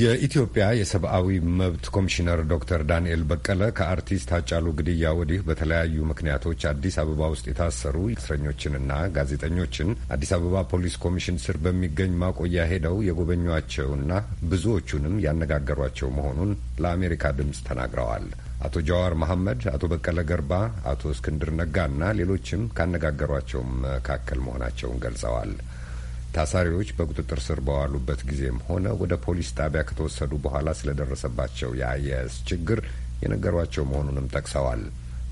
Speaker 1: የኢትዮጵያ የሰብአዊ መብት ኮሚሽነር ዶክተር ዳንኤል በቀለ ከአርቲስት አጫሉ ግድያ ወዲህ በተለያዩ ምክንያቶች አዲስ አበባ ውስጥ የታሰሩ እስረኞችንና ጋዜጠኞችን አዲስ አበባ ፖሊስ ኮሚሽን ስር በሚገኝ ማቆያ ሄደው የጎበኟቸውና ብዙዎቹንም ያነጋገሯቸው መሆኑን ለአሜሪካ ድምፅ ተናግረዋል። አቶ ጃዋር መሐመድ፣ አቶ በቀለ ገርባ፣ አቶ እስክንድር ነጋና ሌሎችም ካነጋገሯቸው መካከል መሆናቸውን ገልጸዋል። ታሳሪዎች በቁጥጥር ስር በዋሉበት ጊዜም ሆነ ወደ ፖሊስ ጣቢያ ከተወሰዱ በኋላ ስለደረሰባቸው የአያያዝ ችግር የነገሯቸው መሆኑንም ጠቅሰዋል።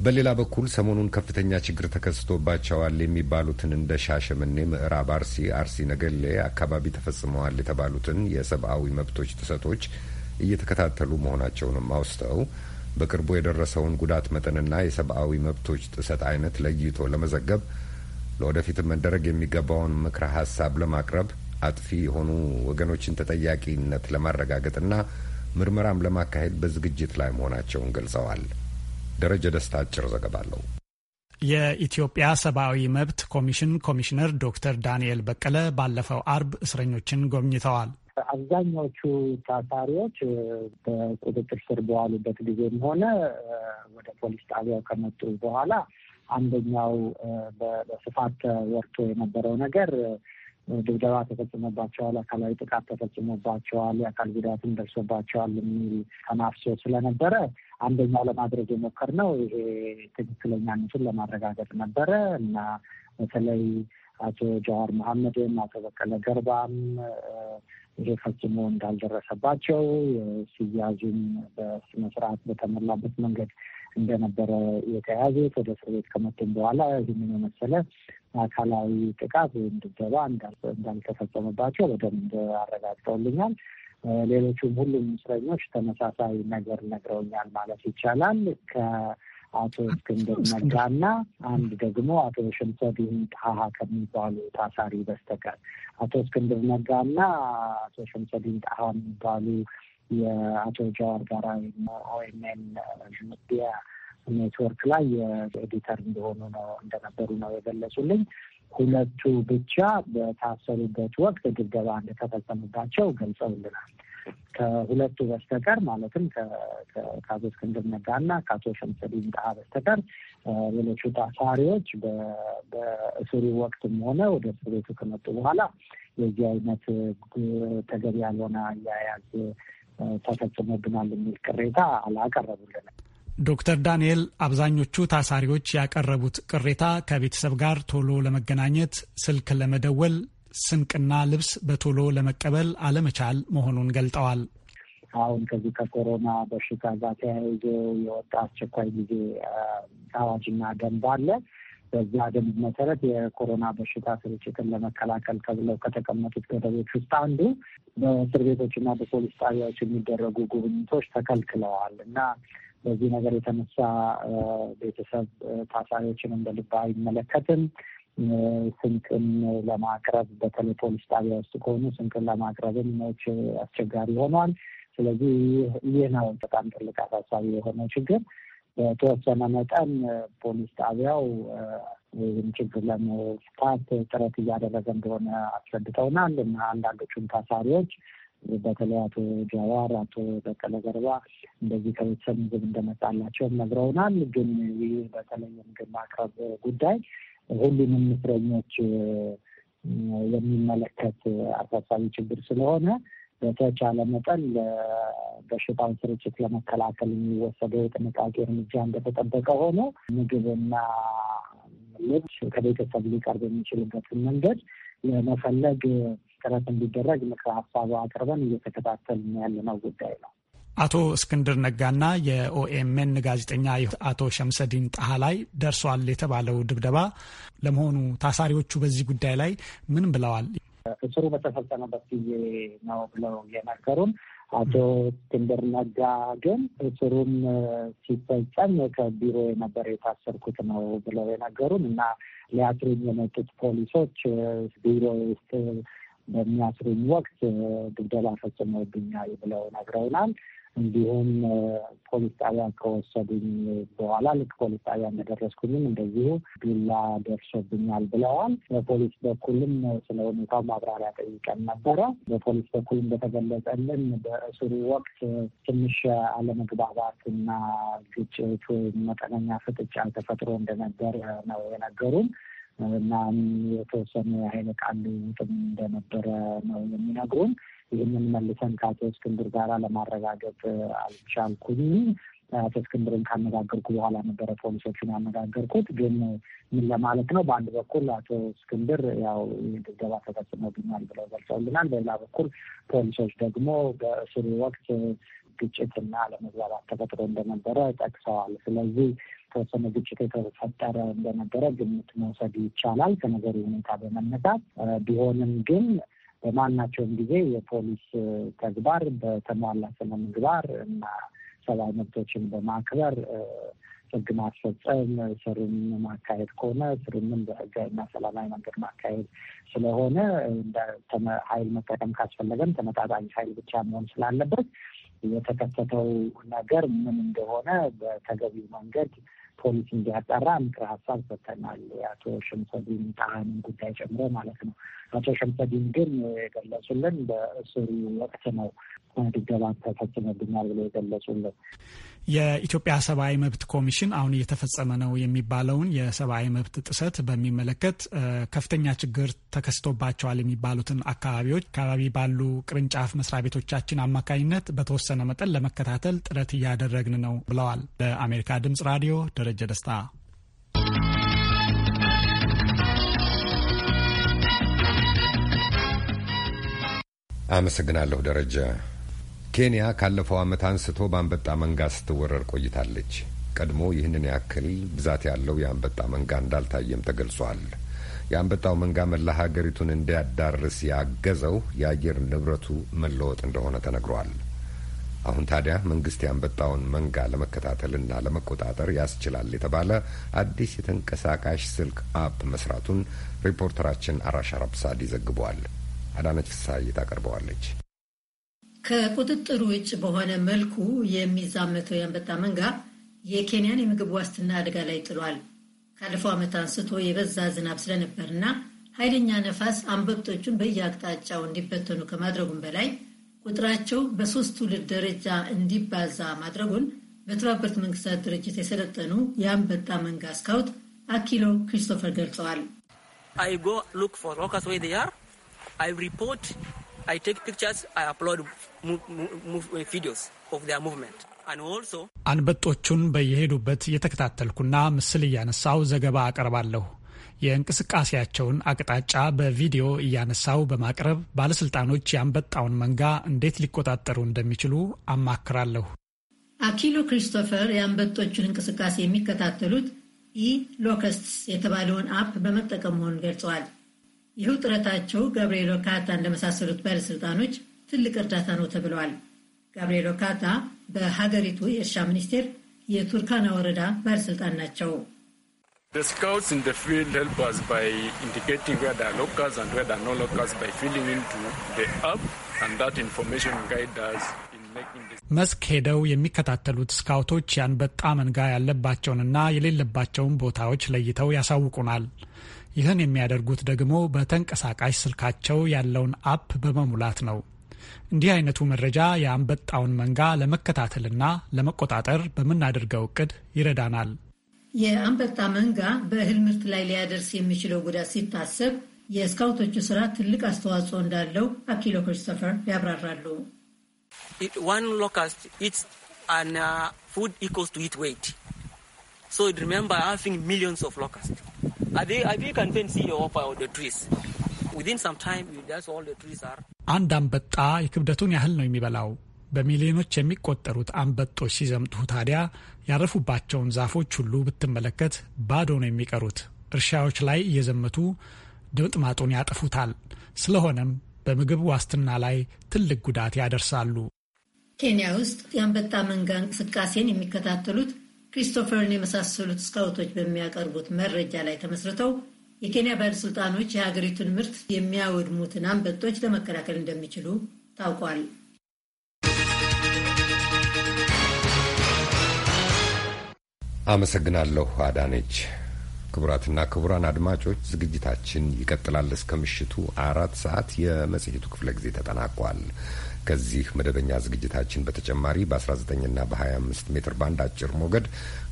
Speaker 1: በሌላ በኩል ሰሞኑን ከፍተኛ ችግር ተከስቶባቸዋል የሚባሉትን እንደ ሻሸምኔ፣ ምዕራብ አርሲ፣ አርሲ ነገሌ አካባቢ ተፈጽመዋል የተባሉትን የሰብአዊ መብቶች ጥሰቶች እየተከታተሉ መሆናቸውንም አውስተው በቅርቡ የደረሰውን ጉዳት መጠንና የሰብአዊ መብቶች ጥሰት አይነት ለይቶ ለመዘገብ ለወደፊት መደረግ የሚገባውን ምክረ ሀሳብ ለማቅረብ አጥፊ የሆኑ ወገኖችን ተጠያቂነት ለማረጋገጥና ምርመራም ለማካሄድ በዝግጅት ላይ መሆናቸውን ገልጸዋል። ደረጀ ደስታ አጭር ዘገባ አለው።
Speaker 9: የኢትዮጵያ ሰብአዊ መብት ኮሚሽን ኮሚሽነር ዶክተር ዳንኤል በቀለ ባለፈው አርብ እስረኞችን ጎብኝተዋል።
Speaker 10: አብዛኛዎቹ ታሳሪዎች በቁጥጥር ስር በዋሉበት ጊዜም ሆነ ወደ ፖሊስ ጣቢያው ከመጡ በኋላ አንደኛው በስፋት ወርቶ የነበረው ነገር ድብደባ ተፈጽሞባቸዋል፣ አካላዊ ጥቃት ተፈጽሞባቸዋል፣ የአካል ጉዳትም ደርሶባቸዋል የሚል ተናፍሶ ስለነበረ አንደኛው ለማድረግ የሞከርነው ይሄ ትክክለኛነቱን ለማረጋገጥ ነበረ እና በተለይ አቶ ጀዋር መሐመድም አቶ በቀለ ገርባም ይሄ ፈጽሞ እንዳልደረሰባቸው ሲያዙም በስነስርዓት በተሞላበት መንገድ እንደነበረ የተያዙት ወደ እስር ቤት ከመጡም በኋላ ይህንን የመሰለ አካላዊ ጥቃት ወይም ድብደባ እንዳልተፈጸመባቸው በደንብ አረጋግጠውልኛል። ሌሎቹም ሁሉም እስረኞች ተመሳሳይ ነገር ነግረውኛል ማለት ይቻላል። አቶ እስክንድር ነጋና አንድ ደግሞ አቶ ሽምሰቢህን ጣሃ ከሚባሉ ታሳሪ በስተቀር አቶ እስክንድር ነጋና አቶ ሽምሰቢህን ጣሃ የሚባሉ የአቶ ጃዋር ጋራ ኦኤምኤን ሚዲያ ኔትወርክ ላይ የኤዲተር እንደሆኑ ነው እንደነበሩ ነው የገለጹልኝ። ሁለቱ ብቻ በታሰሩበት ወቅት ድብደባ እንደተፈጸመባቸው ገልጸውልናል። ከሁለቱ በስተቀር ማለትም ከአቶ እስክንድር ነጋና ከአቶ ሸምሰዲን ጣሀ በስተቀር ሌሎቹ ታሳሪዎች በእስሩ ወቅትም ሆነ ወደ እስር ቤቱ ከመጡ በኋላ የዚህ አይነት ተገቢ ያልሆነ አያያዝ ተፈጽሞብናል የሚል ቅሬታ አላቀረቡልንም።
Speaker 9: ዶክተር ዳንኤል አብዛኞቹ ታሳሪዎች ያቀረቡት ቅሬታ ከቤተሰብ ጋር ቶሎ ለመገናኘት ስልክ ለመደወል ስንቅና ልብስ በቶሎ ለመቀበል አለመቻል መሆኑን ገልጠዋል።
Speaker 10: አሁን ከዚህ ከኮሮና በሽታ ጋር ተያይዞ የወጣ አስቸኳይ ጊዜ አዋጅና ደንብ አለ። በዛ ደንብ መሰረት የኮሮና በሽታ ስርጭትን ለመከላከል ተብለው ከተቀመጡት ገደቦች ውስጥ አንዱ በእስር ቤቶችና በፖሊስ ጣቢያዎች የሚደረጉ ጉብኝቶች ተከልክለዋል እና በዚህ ነገር የተነሳ ቤተሰብ ታሳሪዎችን እንደ ልብ አይመለከትም። ስንቅን ለማቅረብ በተለይ ፖሊስ ጣቢያ ውስጥ ከሆኑ ስንቅን ለማቅረብ ሞች አስቸጋሪ ሆኗል። ስለዚህ ይህ ነው በጣም ትልቅ አሳሳቢ የሆነው ችግር። በተወሰነ መጠን ፖሊስ ጣቢያው ይህን ችግር ለመፍታት ጥረት እያደረገ እንደሆነ አስረድተውናል እና አንዳንዶቹም ታሳሪዎች በተለይ አቶ ጃዋር፣ አቶ በቀለ ገርባ እንደዚህ ከቤተሰብ ምግብ እንደመጣላቸው ነግረውናል። ግን ይህ በተለይ የምግብ ማቅረብ ጉዳይ ሁሉንም እስረኞች የሚመለከት አሳሳቢ ችግር ስለሆነ በተቻለ መጠን በሽታውን ስርጭት ለመከላከል የሚወሰደው የጥንቃቄ እርምጃ እንደተጠበቀ ሆኖ ምግብና ልብስ ከቤተሰብ ሊቀርብ የሚችልበትን መንገድ ለመፈለግ ጥረት እንዲደረግ ምክረ ሀሳቡ አቅርበን እየተከታተልን ያለነው ጉዳይ ነው።
Speaker 9: አቶ እስክንድር ነጋና የኦኤምኤን ጋዜጠኛ አቶ ሸምሰዲን ጣሃ ላይ ደርሷል የተባለው ድብደባ ለመሆኑ ታሳሪዎቹ በዚህ ጉዳይ ላይ ምን ብለዋል?
Speaker 10: እስሩ በተፈጸመበት ጊዜ ነው ብለው የነገሩን አቶ እስክንድር ነጋ ግን እስሩም ሲፈጸም ከቢሮ የነበር የታሰርኩት ነው ብለው የነገሩን እና ሊያስሩኝ የመጡት ፖሊሶች ቢሮ ውስጥ በሚያስሩኝ ወቅት ድብደባ ፈጽመውብኛል ብለው ነግረውናል። እንዲሁም ፖሊስ ጣቢያን ከወሰዱኝ በኋላ ልክ ፖሊስ ጣቢያን እንደደረስኩኝም እንደዚሁ ዱላ ደርሶብኛል ብለዋል። በፖሊስ በኩልም ስለ ሁኔታው ማብራሪያ ጠይቀን ነበረ። በፖሊስ በኩል እንደተገለጸልን በእስሩ ወቅት ትንሽ አለመግባባት እና ግጭቱ መጠነኛ ፍጥጫ ተፈጥሮ እንደነበር ነው የነገሩን እና የተወሰኑ የኃይለ ቃል ውጥም እንደነበረ ነው የሚነግሩን። ይህንን መልሰን ከአቶ እስክንድር ጋር ለማረጋገጥ አልቻልኩኝም። አቶ እስክንድርን ካነጋገርኩ በኋላ ነበረ ፖሊሶቹን ያነጋገርኩት። ግን ምን ለማለት ነው፣ በአንድ በኩል አቶ እስክንድር ያው ድብደባ ተፈጽሞብኛል ብለው ገልጸውልናል። በሌላ በኩል ፖሊሶች ደግሞ በእስሩ ወቅት ግጭትና አለመግባባት ተፈጥሮ እንደነበረ ጠቅሰዋል። ስለዚህ ተወሰነ ግጭት የተፈጠረ እንደነበረ ግምት መውሰድ ይቻላል ከነገሩ ሁኔታ በመነሳት ቢሆንም ግን በማናቸውም ጊዜ የፖሊስ ተግባር በተሟላ ስነ ምግባር እና ሰብአዊ መብቶችን በማክበር ህግ ማስፈጸም ስርን ማካሄድ ከሆነ ስርንም በህጋዊና ሰላማዊ መንገድ ማካሄድ ስለሆነ ኃይል መጠቀም ካስፈለገም ተመጣጣኝ ኃይል ብቻ መሆን ስላለበት የተከሰተው ነገር ምን እንደሆነ በተገቢው መንገድ ፖሊስ እንዲያጠራ ምክረ ሀሳብ ሰጥተናል። የአቶ ሽምሰዲን ጣሃንን ጉዳይ ጨምሮ ማለት ነው። አቶ ሸምሰዲን ግን የገለጹልን በእስሩ ወቅት ነው ድብደባ ተፈጽሞብኛል ብሎ የገለጹልን።
Speaker 9: የኢትዮጵያ ሰብአዊ መብት ኮሚሽን አሁን እየተፈጸመ ነው የሚባለውን የሰብአዊ መብት ጥሰት በሚመለከት ከፍተኛ ችግር ተከስቶባቸዋል የሚባሉትን አካባቢዎች አካባቢ ባሉ ቅርንጫፍ መስሪያ ቤቶቻችን አማካኝነት በተወሰነ መጠን ለመከታተል ጥረት እያደረግን ነው ብለዋል። ለአሜሪካ ድምጽ ራዲዮ ደረጀ ደስታ
Speaker 1: አመሰግናለሁ ደረጀ። ኬንያ ካለፈው ዓመት አንስቶ በአንበጣ መንጋ ስትወረር ቆይታለች። ቀድሞ ይህንን ያክል ብዛት ያለው የአንበጣ መንጋ እንዳልታየም ተገልጿል። የአንበጣው መንጋ መላ ሀገሪቱን እንዲያዳርስ ያገዘው የአየር ንብረቱ መለወጥ እንደሆነ ተነግሯል። አሁን ታዲያ መንግስት የአንበጣውን መንጋ ለመከታተልና ለመቆጣጠር ያስችላል የተባለ አዲስ የተንቀሳቃሽ ስልክ አፕ መስራቱን ሪፖርተራችን አራሽ አራብሳዲ ዘግቧል። አዳነች ፍስሐዬ ታቀርበዋለች።
Speaker 11: ከቁጥጥር ውጭ በሆነ መልኩ የሚዛመተው የአንበጣ መንጋ የኬንያን የምግብ ዋስትና አደጋ ላይ ጥሏል። ካለፈው ዓመት አንስቶ የበዛ ዝናብ ስለነበርና ኃይለኛ ነፋስ አንበብቶቹን በየአቅጣጫው እንዲበተኑ ከማድረጉም በላይ ቁጥራቸው በሶስት ትውልድ ደረጃ እንዲባዛ ማድረጉን በተባበሩት መንግስታት ድርጅት የሰለጠኑ የአንበጣ መንጋ ስካውት አኪሎ ክሪስቶፈር ገልጸዋል።
Speaker 6: I report, I take pictures, I upload videos of their movement.
Speaker 9: አንበጦቹን በየሄዱበት እየተከታተልኩና ምስል እያነሳው ዘገባ አቀርባለሁ። የእንቅስቃሴያቸውን አቅጣጫ በቪዲዮ እያነሳው በማቅረብ ባለስልጣኖች የአንበጣውን መንጋ እንዴት ሊቆጣጠሩ እንደሚችሉ አማክራለሁ።
Speaker 11: አኪሉ ክሪስቶፈር የአንበጦቹን እንቅስቃሴ የሚከታተሉት ኢ ሎከስትስ የተባለውን አፕ በመጠቀም መሆኑን ገልጸዋል። ይህ ጥረታቸው ጋብርኤል ኦካታን ለመሳሰሉት ባለሥልጣኖች ትልቅ እርዳታ ነው ተብለዋል። ጋብርኤል ኦካታ በሀገሪቱ የእርሻ ሚኒስቴር የቱርካና ወረዳ ባለሥልጣን ናቸው።
Speaker 9: መስክ ሄደው የሚከታተሉት ስካውቶች የአንበጣ መንጋ ያለባቸውንና የሌለባቸውን ቦታዎች ለይተው ያሳውቁናል። ይህን የሚያደርጉት ደግሞ በተንቀሳቃሽ ስልካቸው ያለውን አፕ በመሙላት ነው። እንዲህ አይነቱ መረጃ የአንበጣውን መንጋ ለመከታተልና ለመቆጣጠር በምናደርገው እቅድ ይረዳናል።
Speaker 11: የአንበጣ መንጋ በእህል ምርት ላይ ሊያደርስ የሚችለው ጉዳት ሲታሰብ የስካውቶቹ ስራ ትልቅ አስተዋጽኦ እንዳለው አኪሎ ክሪስቶፈር ያብራራሉ።
Speaker 6: ዋን ሎካስት ኢትስ አን ፉድ ኢኮስ ቱ ኢት ዌይት So remember having millions of locusts. Are they, If you can then see your offer or the trees, within some time, that's all the trees are.
Speaker 9: አንድ አንበጣ የክብደቱን ያህል ነው የሚበላው። በሚሊዮኖች የሚቆጠሩት አንበጦች ሲዘምቱ ታዲያ ያረፉባቸውን ዛፎች ሁሉ ብትመለከት ባዶ ነው የሚቀሩት። እርሻዎች ላይ እየዘመቱ ድምጥማጡን ያጠፉታል። ስለሆነም በምግብ ዋስትና ላይ ትልቅ ጉዳት ያደርሳሉ።
Speaker 11: ኬንያ ውስጥ የአንበጣ መንጋ እንቅስቃሴን የሚከታተሉት ክሪስቶፈርን የመሳሰሉት ስካውቶች በሚያቀርቡት መረጃ ላይ ተመስርተው የኬንያ ባለሥልጣኖች የሀገሪቱን ምርት የሚያወድሙትን አንበጦች ለመከላከል እንደሚችሉ ታውቋል።
Speaker 1: አመሰግናለሁ አዳነች። ክቡራትና ክቡራን አድማጮች ዝግጅታችን ይቀጥላል እስከ ምሽቱ አራት ሰዓት የመጽሔቱ ክፍለ ጊዜ ተጠናቋል። ከዚህ መደበኛ ዝግጅታችን በተጨማሪ በ19ና በ25 ሜትር ባንድ አጭር ሞገድ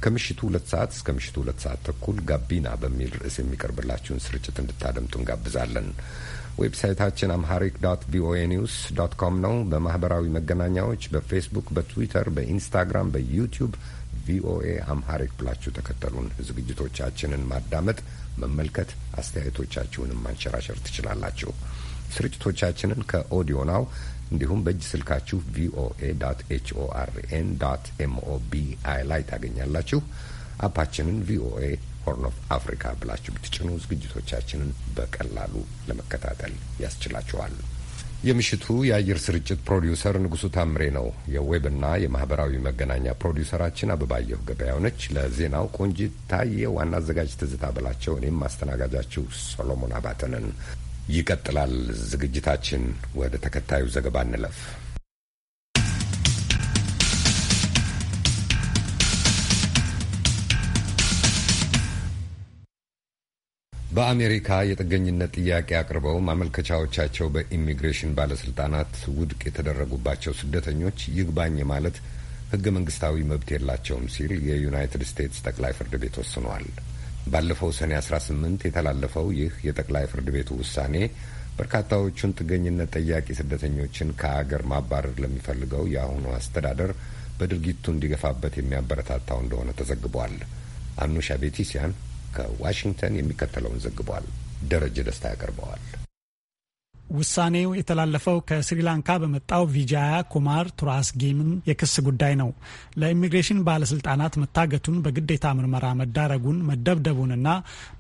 Speaker 1: ከምሽቱ ሁለት ሰዓት እስከ ምሽቱ ሁለት ሰዓት ተኩል ጋቢና በሚል ርዕስ የሚቀርብላችሁን ስርጭት እንድታደምጡ እንጋብዛለን። ዌብሳይታችን አምሃሪክ ዶት ቪኦኤ ኒውስ ዶት ኮም ነው። በማህበራዊ መገናኛዎች በፌስቡክ፣ በትዊተር፣ በኢንስታግራም፣ በዩቲዩብ ቪኦኤ አምሃሪክ ብላችሁ ተከተሉን። ዝግጅቶቻችንን ማዳመጥ፣ መመልከት፣ አስተያየቶቻችሁንም ማንሸራሸር ትችላላችሁ። ስርጭቶቻችንን ከኦዲዮ ናው እንዲሁም በእጅ ስልካችሁ ቪኦኤ ዶት ኤችኦአርኤን ላይ ታገኛላችሁ። አፓችንን ቪኦኤ ሆርን ኦፍ አፍሪካ ብላችሁ ብትጭኑ ዝግጅቶቻችንን በቀላሉ ለመከታተል ያስችላችኋል። የምሽቱ የአየር ስርጭት ፕሮዲውሰር ንጉሱ ታምሬ ነው። የዌብና የማህበራዊ መገናኛ ፕሮዲውሰራችን አበባየሁ ገበያው ነች። ለዜናው ቆንጂት ታየ፣ ዋና አዘጋጅ ትዝታ በላቸው፣ እኔም ማስተናጋጃችሁ ሶሎሞን አባተንን ይቀጥላል ዝግጅታችን። ወደ ተከታዩ ዘገባ እንለፍ። በአሜሪካ የጥገኝነት ጥያቄ አቅርበው ማመልከቻዎቻቸው በኢሚግሬሽን ባለስልጣናት ውድቅ የተደረጉባቸው ስደተኞች ይግባኝ ማለት ህገ መንግስታዊ መብት የላቸውም ሲል የዩናይትድ ስቴትስ ጠቅላይ ፍርድ ቤት ወስኗል። ባለፈው ሰኔ 18 የተላለፈው ይህ የጠቅላይ ፍርድ ቤቱ ውሳኔ በርካታዎቹን ጥገኝነት ጠያቂ ስደተኞችን ከሀገር ማባረር ለሚፈልገው የአሁኑ አስተዳደር በድርጊቱ እንዲገፋበት የሚያበረታታው እንደሆነ ተዘግቧል። አኑሻ ቤቲሲያን ከዋሽንግተን የሚከተለውን ዘግቧል። ደረጀ ደስታ ያቀርበዋል።
Speaker 9: ውሳኔው የተላለፈው ከስሪላንካ በመጣው ቪጃያ ኩማር ቱራስ ጌምን የክስ ጉዳይ ነው። ለኢሚግሬሽን ባለስልጣናት መታገቱን፣ በግዴታ ምርመራ መዳረጉን፣ መደብደቡንና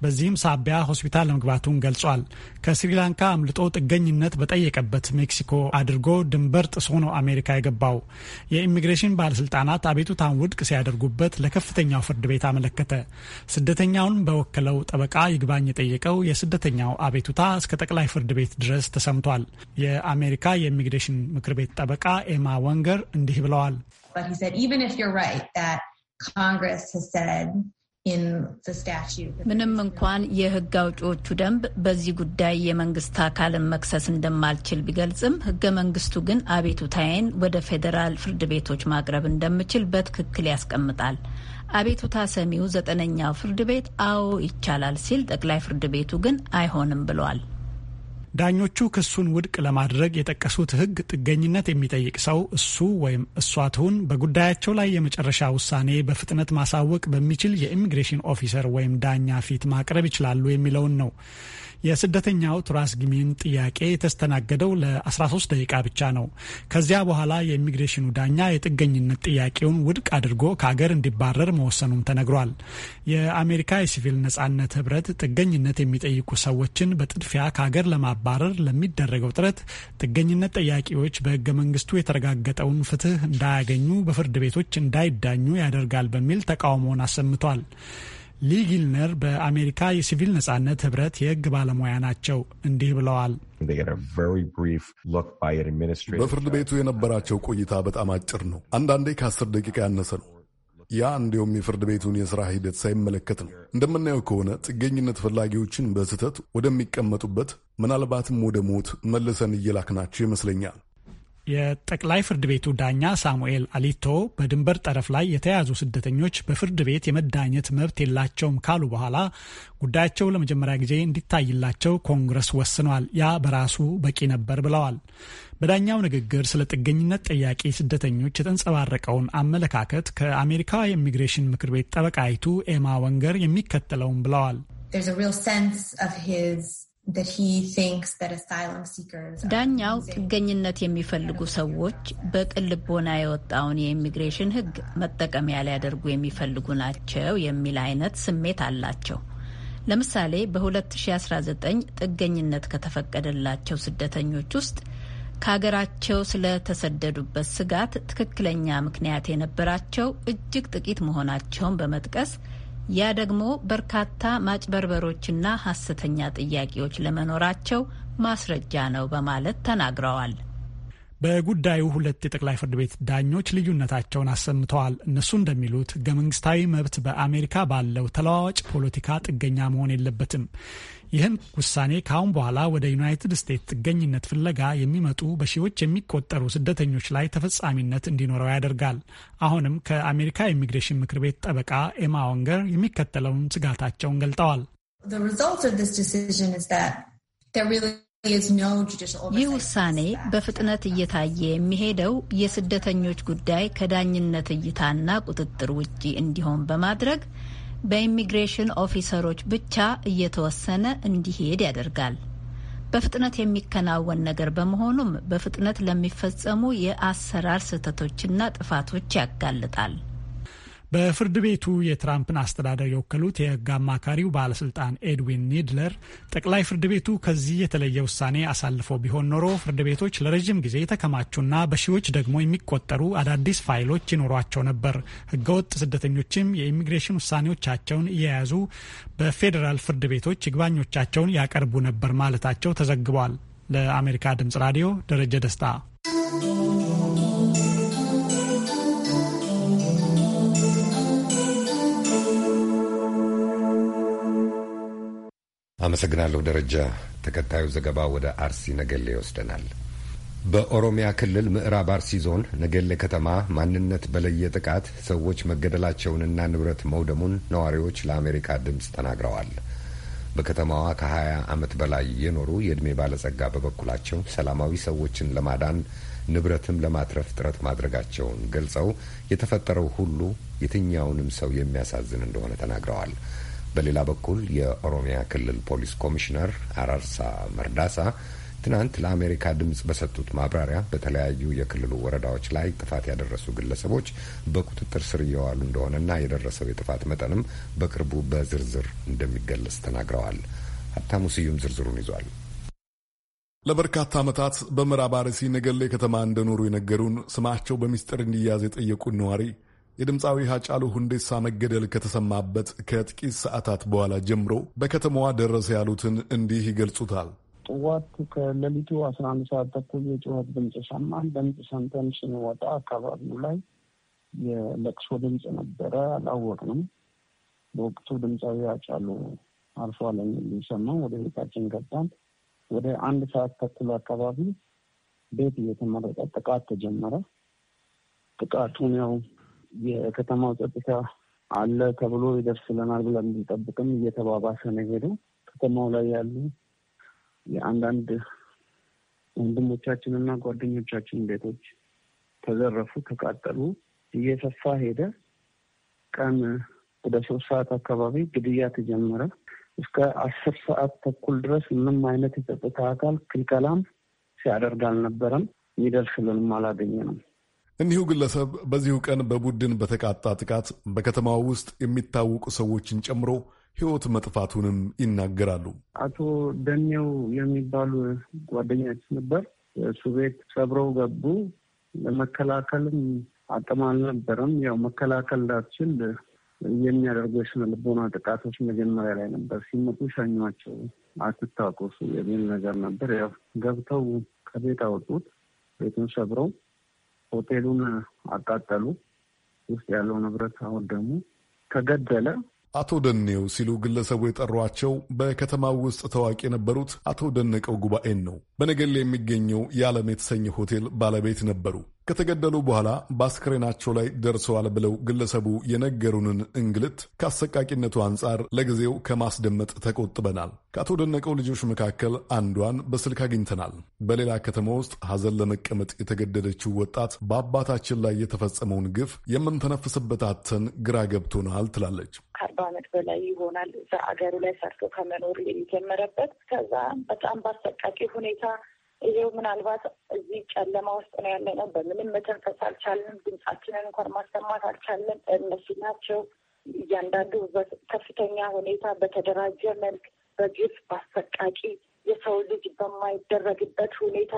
Speaker 9: በዚህም ሳቢያ ሆስፒታል መግባቱን ገልጿል። ከስሪላንካ አምልጦ ጥገኝነት በጠየቀበት ሜክሲኮ አድርጎ ድንበር ጥሶ ነው አሜሪካ የገባው። የኢሚግሬሽን ባለስልጣናት አቤቱታን ውድቅ ሲያደርጉበት ለከፍተኛው ፍርድ ቤት አመለከተ። ስደተኛውን በወከለው ጠበቃ ይግባኝ የጠየቀው የስደተኛው አቤቱታ እስከ ጠቅላይ ፍርድ ቤት ድረስ ተሰምቷል። የአሜሪካ የኢሚግሬሽን ምክር ቤት ጠበቃ ኤማ ወንገር እንዲህ ብለዋል።
Speaker 5: ምንም እንኳን የሕግ አውጪዎቹ ደንብ በዚህ ጉዳይ የመንግስት አካልን መክሰስ እንደማልችል ቢገልጽም ሕገ መንግስቱ ግን አቤቱታዬን ወደ ፌዴራል ፍርድ ቤቶች ማቅረብ እንደምችል በትክክል ያስቀምጣል። አቤቱታ ሰሚው ዘጠነኛው ፍርድ ቤት አዎ ይቻላል ሲል፣ ጠቅላይ ፍርድ ቤቱ ግን አይሆንም ብሏል።
Speaker 9: ዳኞቹ ክሱን ውድቅ ለማድረግ የጠቀሱት ሕግ ጥገኝነት የሚጠይቅ ሰው እሱ ወይም እሷ ትሁን በጉዳያቸው ላይ የመጨረሻ ውሳኔ በፍጥነት ማሳወቅ በሚችል የኢሚግሬሽን ኦፊሰር ወይም ዳኛ ፊት ማቅረብ ይችላሉ የሚለውን ነው። የስደተኛው ቱራስ ግሚን ጥያቄ የተስተናገደው ለ13 ደቂቃ ብቻ ነው። ከዚያ በኋላ የኢሚግሬሽኑ ዳኛ የጥገኝነት ጥያቄውን ውድቅ አድርጎ ከሀገር እንዲባረር መወሰኑም ተነግሯል። የአሜሪካ የሲቪል ነጻነት ህብረት ጥገኝነት የሚጠይቁ ሰዎችን በጥድፊያ ከሀገር ለማባረር ለሚደረገው ጥረት ጥገኝነት ጠያቂዎች በህገ መንግስቱ የተረጋገጠውን ፍትህ እንዳያገኙ፣ በፍርድ ቤቶች እንዳይዳኙ ያደርጋል በሚል ተቃውሞውን አሰምቷል። ሊ ጊልነር በአሜሪካ የሲቪል ነጻነት ህብረት የህግ ባለሙያ ናቸው። እንዲህ ብለዋል።
Speaker 12: በፍርድ ቤቱ የነበራቸው ቆይታ በጣም አጭር ነው። አንዳንዴ ከአስር ደቂቃ ያነሰ ነው። ያ እንዲሁም የፍርድ ቤቱን የሥራ ሂደት ሳይመለከት ነው። እንደምናየው ከሆነ ጥገኝነት ፈላጊዎችን በስህተት ወደሚቀመጡበት ምናልባትም ወደ ሞት መልሰን እየላክናቸው ይመስለኛል።
Speaker 9: የጠቅላይ ፍርድ ቤቱ ዳኛ ሳሙኤል አሊቶ በድንበር ጠረፍ ላይ የተያዙ ስደተኞች በፍርድ ቤት የመዳኘት መብት የላቸውም ካሉ በኋላ ጉዳያቸው ለመጀመሪያ ጊዜ እንዲታይላቸው ኮንግረስ ወስኗል። ያ በራሱ በቂ ነበር ብለዋል። በዳኛው ንግግር ስለ ጥገኝነት ጠያቂ ስደተኞች የተንጸባረቀውን አመለካከት ከአሜሪካ የኢሚግሬሽን ምክር ቤት ጠበቃይቱ ኤማ ወንገር የሚከተለውን ብለዋል።
Speaker 5: There's a real sense of his ዳኛው ጥገኝነት የሚፈልጉ ሰዎች በቅን ልቦና የወጣውን የኢሚግሬሽን ሕግ መጠቀሚያ ሊያደርጉ የሚፈልጉ ናቸው የሚል አይነት ስሜት አላቸው። ለምሳሌ በ2019 ጥገኝነት ከተፈቀደላቸው ስደተኞች ውስጥ ከሀገራቸው ስለተሰደዱበት ስጋት ትክክለኛ ምክንያት የነበራቸው እጅግ ጥቂት መሆናቸውን በመጥቀስ ያ ደግሞ በርካታ ማጭበርበሮችና ሀሰተኛ ጥያቄዎች ለመኖራቸው ማስረጃ ነው በማለት ተናግረዋል።
Speaker 9: በጉዳዩ ሁለት የጠቅላይ ፍርድ ቤት ዳኞች ልዩነታቸውን አሰምተዋል። እነሱ እንደሚሉት ህገ መንግስታዊ መብት በአሜሪካ ባለው ተለዋዋጭ ፖለቲካ ጥገኛ መሆን የለበትም። ይህም ውሳኔ ከአሁን በኋላ ወደ ዩናይትድ ስቴትስ ጥገኝነት ፍለጋ የሚመጡ በሺዎች የሚቆጠሩ ስደተኞች ላይ ተፈጻሚነት እንዲኖረው ያደርጋል። አሁንም ከአሜሪካ ኢሚግሬሽን ምክር ቤት ጠበቃ ኤማ ወንገር የሚከተለውን ስጋታቸውን ገልጠዋል።
Speaker 5: ይህ ውሳኔ በፍጥነት እየታየ የሚሄደው የስደተኞች ጉዳይ ከዳኝነት እይታና ቁጥጥር ውጪ እንዲሆን በማድረግ በኢሚግሬሽን ኦፊሰሮች ብቻ እየተወሰነ እንዲሄድ ያደርጋል። በፍጥነት የሚከናወን ነገር በመሆኑም በፍጥነት ለሚፈጸሙ የአሰራር ስህተቶችና ጥፋቶች ያጋልጣል።
Speaker 9: በፍርድ ቤቱ የትራምፕን አስተዳደር የወከሉት የህግ አማካሪው ባለስልጣን ኤድዊን ኒድለር ጠቅላይ ፍርድ ቤቱ ከዚህ የተለየ ውሳኔ አሳልፎ ቢሆን ኖሮ ፍርድ ቤቶች ለረዥም ጊዜ የተከማቹና በሺዎች ደግሞ የሚቆጠሩ አዳዲስ ፋይሎች ይኖሯቸው ነበር፣ ህገወጥ ስደተኞችም የኢሚግሬሽን ውሳኔዎቻቸውን እየያዙ በፌዴራል ፍርድ ቤቶች ይግባኞቻቸውን ያቀርቡ ነበር ማለታቸው ተዘግቧል። ለአሜሪካ ድምጽ ራዲዮ ደረጀ ደስታ
Speaker 1: አመሰግናለሁ ደረጃ። ተከታዩ ዘገባ ወደ አርሲ ነገሌ ይወስደናል። በኦሮሚያ ክልል ምዕራብ አርሲ ዞን ነገሌ ከተማ ማንነት በለየ ጥቃት ሰዎች መገደላቸውንና ንብረት መውደሙን ነዋሪዎች ለአሜሪካ ድምፅ ተናግረዋል። በከተማዋ ከ20 ዓመት በላይ የኖሩ የዕድሜ ባለጸጋ በበኩላቸው ሰላማዊ ሰዎችን ለማዳን ንብረትም ለማትረፍ ጥረት ማድረጋቸውን ገልጸው የተፈጠረው ሁሉ የትኛውንም ሰው የሚያሳዝን እንደሆነ ተናግረዋል። በሌላ በኩል የኦሮሚያ ክልል ፖሊስ ኮሚሽነር አራርሳ መርዳሳ ትናንት ለአሜሪካ ድምጽ በሰጡት ማብራሪያ በተለያዩ የክልሉ ወረዳዎች ላይ ጥፋት ያደረሱ ግለሰቦች በቁጥጥር ስር እየዋሉ እንደሆነና የደረሰው የጥፋት መጠንም በቅርቡ በዝርዝር እንደሚገለጽ ተናግረዋል። ሀብታሙ ስዩም ዝርዝሩን ይዟል።
Speaker 12: ለበርካታ ዓመታት በምዕራብ አርሲ ነገሌ ከተማ እንደኖሩ የነገሩን ስማቸው በሚስጥር እንዲያዝ የጠየቁን ነዋሪ የድምፃዊ ሀጫሉ ሁንዴሳ መገደል ከተሰማበት ከጥቂት ሰዓታት በኋላ ጀምሮ በከተማዋ ደረሰ ያሉትን እንዲህ ይገልጹታል።
Speaker 6: ጥዋት ከሌሊቱ አስራ አንድ ሰዓት ተኩል የጩኸት ድምፅ ሰማን። ድምፅ ሰምተን ስንወጣ አካባቢው ላይ የለቅሶ ድምፅ ነበረ። አላወቅንም። በወቅቱ ድምፃዊ ሀጫሉ አርፏል የሚሰማው ወደ ቤታችን ገባን። ወደ አንድ ሰዓት ተኩል አካባቢ ቤት እየተመረጠ ጥቃት ተጀመረ። ጥቃቱን ያው የከተማው ጸጥታ አለ ተብሎ ይደርስልናል ብለን እንጠብቅም እየተባባሰ ነው የሄደው። ከተማው ላይ ያሉ የአንዳንድ ወንድሞቻችንና ጓደኞቻችን ቤቶች ተዘረፉ፣ ተቃጠሉ። እየሰፋ ሄደ። ቀን ወደ ሶስት ሰዓት አካባቢ ግድያ ተጀመረ። እስከ አስር ሰዓት ተኩል ድረስ ምንም አይነት የጸጥታ አካል ክልከላም ሲያደርግ አልነበረም። የሚደርስልንም አላገኘንም።
Speaker 12: እኒሁ ግለሰብ በዚሁ ቀን በቡድን በተቃጣ ጥቃት በከተማ ውስጥ የሚታወቁ ሰዎችን ጨምሮ ሕይወት መጥፋቱንም ይናገራሉ።
Speaker 6: አቶ ደኔው የሚባሉ ጓደኛችን ነበር። እሱ ቤት ሰብረው ገቡ። ለመከላከልም አቅም አልነበረም። ያው መከላከል ላችል የሚያደርጉ የስነ ልቦና ጥቃቶች መጀመሪያ ላይ ነበር። ሲመጡ ሸኟቸው፣ አትታቆሱ የሚል ነገር ነበር። ያው ገብተው ከቤት አወጡት ቤቱን ሰብረው ሆቴሉን አቃጠሉ፣ ውስጥ ያለው
Speaker 12: ንብረት ደግሞ ተገደለ። አቶ ደኔው ሲሉ ግለሰቡ የጠሯቸው በከተማው ውስጥ ታዋቂ የነበሩት አቶ ደነቀው ጉባኤን ነው። በነገሌ የሚገኘው የዓለም የተሰኘ ሆቴል ባለቤት ነበሩ። ከተገደሉ በኋላ በአስክሬናቸው ላይ ደርሰዋል ብለው ግለሰቡ የነገሩንን እንግልት ከአሰቃቂነቱ አንጻር ለጊዜው ከማስደመጥ ተቆጥበናል። ከአቶ ደነቀው ልጆች መካከል አንዷን በስልክ አግኝተናል። በሌላ ከተማ ውስጥ ሐዘን ለመቀመጥ የተገደደችው ወጣት በአባታችን ላይ የተፈጸመውን ግፍ የምንተነፍስበት አተን ግራ ገብቶናል ትላለች።
Speaker 13: ከአርባ ዓመት በላይ ይሆናል እዛ አገሩ ላይ ሰርቶ ከመኖር የሚጀመረበት ከዛ በጣም በአሰቃቂ ሁኔታ ይሄው ምናልባት እዚህ ጨለማ ውስጥ ነው ያለ ነው። በምንም መተንፈስ አልቻልንም። ድምፃችንን እንኳን ማሰማት አልቻልንም። እነሱ ናቸው እያንዳንዱ በከፍተኛ ሁኔታ በተደራጀ መልክ በግፍ በአሰቃቂ የሰው ልጅ በማይደረግበት ሁኔታ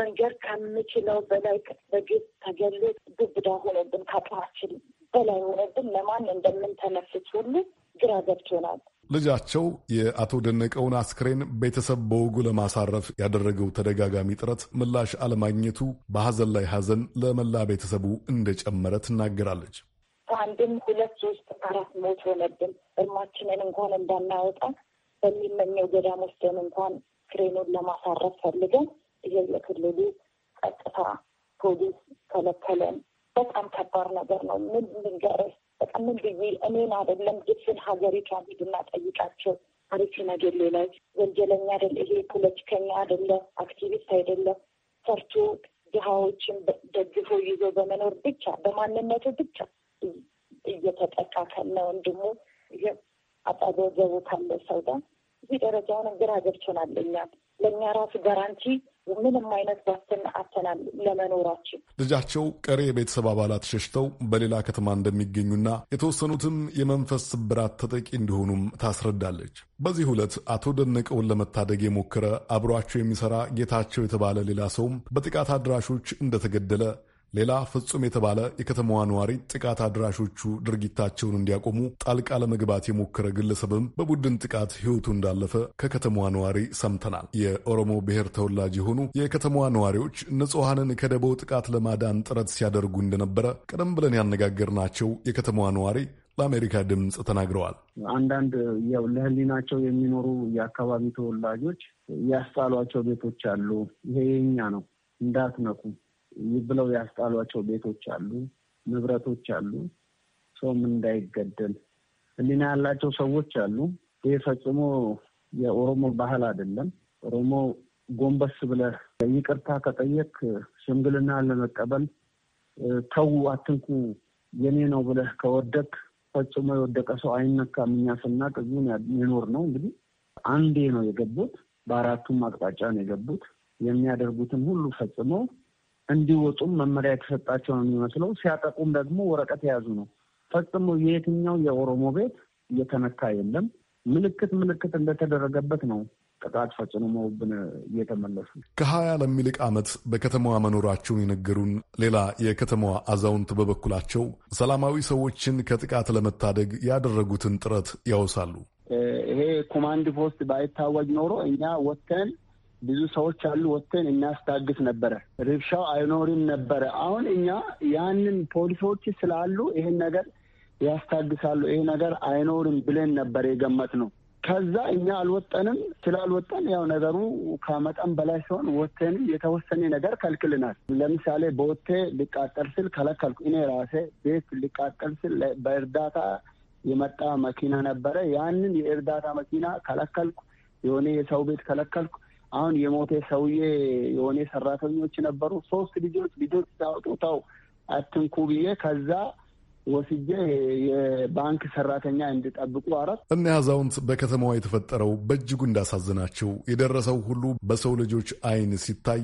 Speaker 13: መንገድ ከምችለው በላይ በግፍ ተገሎ ዱብዳ ሆኖብን ካጥራችን በላይ ወረድን ለማን እንደምንተነፍስ ሁሉ ግራ ገብቶናል።
Speaker 12: ልጃቸው የአቶ ደነቀውን አስክሬን ቤተሰብ በወጉ ለማሳረፍ ያደረገው ተደጋጋሚ ጥረት ምላሽ አለማግኘቱ በሐዘን ላይ ሐዘን ለመላ ቤተሰቡ እንደጨመረ ትናገራለች።
Speaker 13: ከአንድም ሁለት ሶስት አራት ሞት ሆነብን። እርማችንን እንኳን እንዳናወጣ በሚመኘው ገዳም ወስደን እንኳን ክሬኑን ለማሳረፍ ፈልገን ይሄ የክልሉ ጸጥታ ፖሊስ ከለከለን። በጣም ከባድ ነገር ነው። ምን ልንገርህ፣ በጣም ምን ብዬ እኔን አይደለም ግፍን ሀገሪቷ ሂድና ጠይቃቸው። አሪፍ ነገሌ ላይ ወንጀለኛ አይደለ፣ ይሄ ፖለቲከኛ አይደለ፣ አክቲቪስት አይደለ፣ ሰርቶ ድሃዎችን ደግፎ ይዞ በመኖር ብቻ በማንነቱ ብቻ እየተጠቃ ካለ ወንድሙ አጠገቡ ካለ ሰው ጋር እዚህ ደረጃውን ግራ ገብቶናል። እኛም ለእኛ ራሱ ጋራንቲ ምንም አይነት ዋስትና አተናል ለመኖራችን።
Speaker 12: ልጃቸው ቀሪ የቤተሰብ አባላት ሸሽተው በሌላ ከተማ እንደሚገኙና የተወሰኑትም የመንፈስ ስብራት ተጠቂ እንዲሆኑም ታስረዳለች። በዚህ ሁለት አቶ ደነቀውን ለመታደግ የሞከረ አብሯቸው የሚሰራ ጌታቸው የተባለ ሌላ ሰውም በጥቃት አድራሾች እንደተገደለ ሌላ ፍጹም የተባለ የከተማዋ ነዋሪ ጥቃት አድራሾቹ ድርጊታቸውን እንዲያቆሙ ጣልቃ ለመግባት የሞከረ ግለሰብም በቡድን ጥቃት ሕይወቱ እንዳለፈ ከከተማዋ ነዋሪ ሰምተናል። የኦሮሞ ብሔር ተወላጅ የሆኑ የከተማዋ ነዋሪዎች ንጹሐንን ከደቦው ጥቃት ለማዳን ጥረት ሲያደርጉ እንደነበረ ቀደም ብለን ያነጋገርናቸው የከተማዋ ነዋሪ ለአሜሪካ ድምፅ ተናግረዋል።
Speaker 6: አንዳንድ ያው ለህሊናቸው የሚኖሩ የአካባቢ ተወላጆች ያስጣሏቸው ቤቶች አሉ። ይሄ የኛ ነው እንዳትነኩ ብለው ያስጣሏቸው ቤቶች አሉ፣ ንብረቶች አሉ፣ ሰውም እንዳይገደል ሕሊና ያላቸው ሰዎች አሉ። ይህ ፈጽሞ የኦሮሞ ባህል አይደለም። ኦሮሞ ጎንበስ ብለህ ይቅርታ ከጠየቅ ሽምግልና ለመቀበል ተው አትንኩ የኔ ነው ብለህ ከወደቅ ፈጽሞ የወደቀ ሰው አይነካም። እኛ ስናቅ እዚሁን የኖር ነው እንግዲህ አንዴ ነው የገቡት። በአራቱም አቅጣጫ ነው የገቡት። የሚያደርጉትን ሁሉ ፈጽመው እንዲወጡም መመሪያ የተሰጣቸው ነው የሚመስለው። ሲያጠቁም ደግሞ ወረቀት የያዙ ነው። ፈጽሞ የየትኛው የኦሮሞ ቤት እየተነካ የለም። ምልክት ምልክት እንደተደረገበት ነው ጥቃት ፈጽመውብን እየተመለሱ
Speaker 12: ከሀያ ለሚልቅ ዓመት በከተማዋ መኖራቸውን የነገሩን ሌላ የከተማዋ አዛውንት በበኩላቸው ሰላማዊ ሰዎችን ከጥቃት ለመታደግ ያደረጉትን ጥረት ያወሳሉ።
Speaker 6: ይሄ ኮማንድ ፖስት ባይታወጅ ኖሮ እኛ ወጥተን ብዙ ሰዎች አሉ፣ ወጥተን እናስታግስ ነበረ። ርብሻው አይኖርም ነበረ። አሁን እኛ ያንን ፖሊሶች ስላሉ ይሄን ነገር ያስታግሳሉ፣ ይሄ ነገር አይኖርም ብለን ነበር የገመት ነው። ከዛ እኛ አልወጠንም። ስላልወጠን ያው ነገሩ ከመጠን በላይ ሲሆን ወተን የተወሰነ ነገር ከልክልናል። ለምሳሌ በወቴ ልቃጠል ስል ከለከልኩ። እኔ ራሴ ቤት ልቃጠል ስል በእርዳታ የመጣ መኪና ነበረ። ያንን የእርዳታ መኪና ከለከልኩ። የሆነ የሰው ቤት ከለከልኩ። አሁን የሞቴ ሰውዬ የሆነ ሰራተኞች ነበሩ። ሶስት ልጆች ልጆች ታወጡ ተው አትንኩ ብዬ ከዛ ወስጄ የባንክ ሰራተኛ እንድጠብቁ አረት
Speaker 12: እኒ አዛውንት በከተማዋ የተፈጠረው በእጅጉ እንዳሳዝናቸው የደረሰው ሁሉ በሰው ልጆች አይን ሲታይ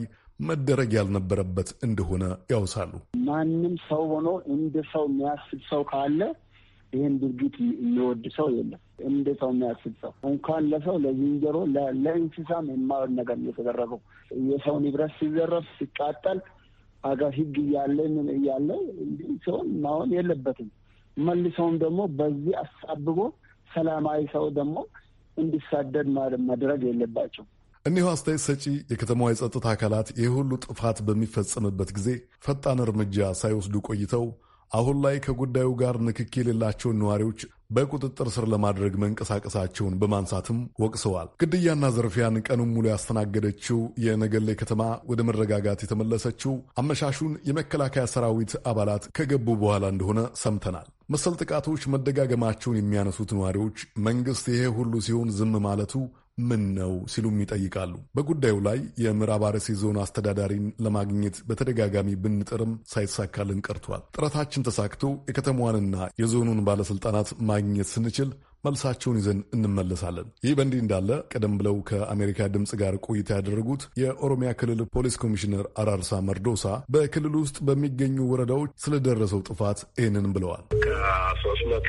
Speaker 12: መደረግ ያልነበረበት እንደሆነ ያውሳሉ።
Speaker 6: ማንም ሰው ሆኖ እንደ ሰው የሚያስብ ሰው ካለ ይህን ድርጊት የሚወድ ሰው የለም። እንደ ሰው የሚያስብ ሰው እንኳን ለሰው ለዝንጀሮ፣ ለእንስሳም የማይሆን ነገር የተደረገው። የሰው ንብረት ሲዘረፍ፣ ሲቃጠል አገር ህግ እያለ ምን እያለ እንዲህ ሲሆን ማሆን የለበትም። መልሰውም ደግሞ በዚህ አሳብቦ ሰላማዊ ሰው ደግሞ እንዲሳደድ ማድረግ የለባቸው።
Speaker 12: እኒሁ አስተያየት ሰጪ የከተማዋ የጸጥታ አካላት ይህ ሁሉ ጥፋት በሚፈጸምበት ጊዜ ፈጣን እርምጃ ሳይወስዱ ቆይተው አሁን ላይ ከጉዳዩ ጋር ንክኪ የሌላቸውን ነዋሪዎች በቁጥጥር ስር ለማድረግ መንቀሳቀሳቸውን በማንሳትም ወቅሰዋል። ግድያና ዘርፊያን ቀኑን ሙሉ ያስተናገደችው የነገሌ ከተማ ወደ መረጋጋት የተመለሰችው አመሻሹን የመከላከያ ሰራዊት አባላት ከገቡ በኋላ እንደሆነ ሰምተናል። መሰል ጥቃቶች መደጋገማቸውን የሚያነሱት ነዋሪዎች መንግስት ይሄ ሁሉ ሲሆን ዝም ማለቱ ምን ነው ሲሉም ይጠይቃሉ። በጉዳዩ ላይ የምዕራብ አርሲ ዞን አስተዳዳሪን ለማግኘት በተደጋጋሚ ብንጥርም ሳይሳካልን ቀርቷል። ጥረታችን ተሳክቶ የከተማዋንና የዞኑን ባለስልጣናት ማግኘት ስንችል መልሳቸውን ይዘን እንመለሳለን። ይህ በእንዲህ እንዳለ ቀደም ብለው ከአሜሪካ ድምፅ ጋር ቆይታ ያደረጉት የኦሮሚያ ክልል ፖሊስ ኮሚሽነር አራርሳ መርዶሳ በክልል ውስጥ በሚገኙ ወረዳዎች ስለደረሰው ጥፋት ይህንን ብለዋል።
Speaker 2: ሶስት መቶ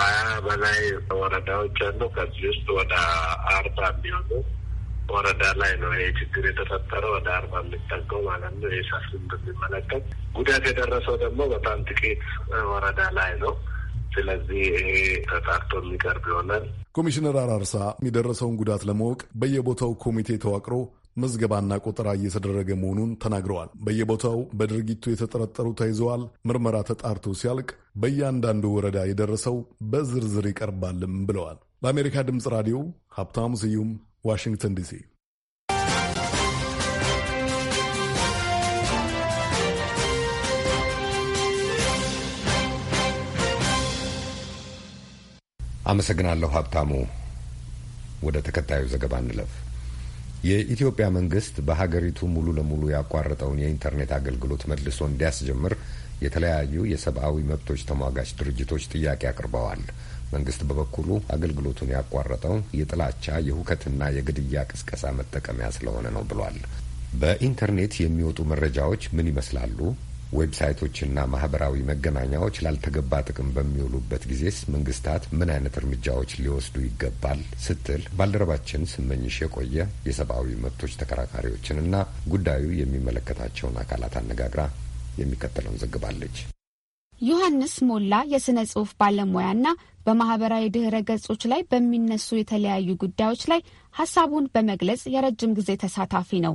Speaker 2: ሀያ በላይ ወረዳዎች አሉ። ከዚህ ውስጥ ወደ አርባ የሚሆኑ ወረዳ ላይ ነው ይህ ችግር የተፈጠረ ወደ አርባ የሚጠገው ማለት ነው። ይህ እንደሚመለከት ጉዳት የደረሰው ደግሞ በጣም ጥቂት ወረዳ ላይ ነው። ስለዚህ ይሄ ተጣርቶ የሚቀርብ ይሆናል።
Speaker 12: ኮሚሽነር አራርሳ የደረሰውን ጉዳት ለማወቅ በየቦታው ኮሚቴ ተዋቅሮ መዝገባና ቆጠራ እየተደረገ መሆኑን ተናግረዋል። በየቦታው በድርጊቱ የተጠረጠሩ ተይዘዋል። ምርመራ ተጣርቶ ሲያልቅ በእያንዳንዱ ወረዳ የደረሰው በዝርዝር ይቀርባልም ብለዋል። ለአሜሪካ ድምፅ ራዲዮ ሀብታሙ ስዩም ዋሽንግተን ዲሲ።
Speaker 1: አመሰግናለሁ ሀብታሙ። ወደ ተከታዩ ዘገባ እንለፍ። የኢትዮጵያ መንግስት በሀገሪቱ ሙሉ ለሙሉ ያቋረጠውን የኢንተርኔት አገልግሎት መልሶ እንዲያስጀምር የተለያዩ የሰብአዊ መብቶች ተሟጋች ድርጅቶች ጥያቄ አቅርበዋል። መንግስት በበኩሉ አገልግሎቱን ያቋረጠው የጥላቻ የሁከትና የግድያ ቅስቀሳ መጠቀሚያ ስለሆነ ነው ብሏል። በኢንተርኔት የሚወጡ መረጃዎች ምን ይመስላሉ? ዌብሳይቶችና ማህበራዊ መገናኛዎች ላልተገባ ጥቅም በሚውሉበት ጊዜስ መንግስታት ምን አይነት እርምጃዎች ሊወስዱ ይገባል ስትል ባልደረባችን ስመኝሽ የቆየ የሰብአዊ መብቶች ተከራካሪዎችንና ጉዳዩ የሚመለከታቸውን አካላት አነጋግራ የሚከተለውን ዘግባለች።
Speaker 14: ዮሐንስ ሞላ የሥነ ጽሑፍ ባለሙያና በማህበራዊ ድኅረ ገጾች ላይ በሚነሱ የተለያዩ ጉዳዮች ላይ ሀሳቡን በመግለጽ የረጅም ጊዜ ተሳታፊ ነው።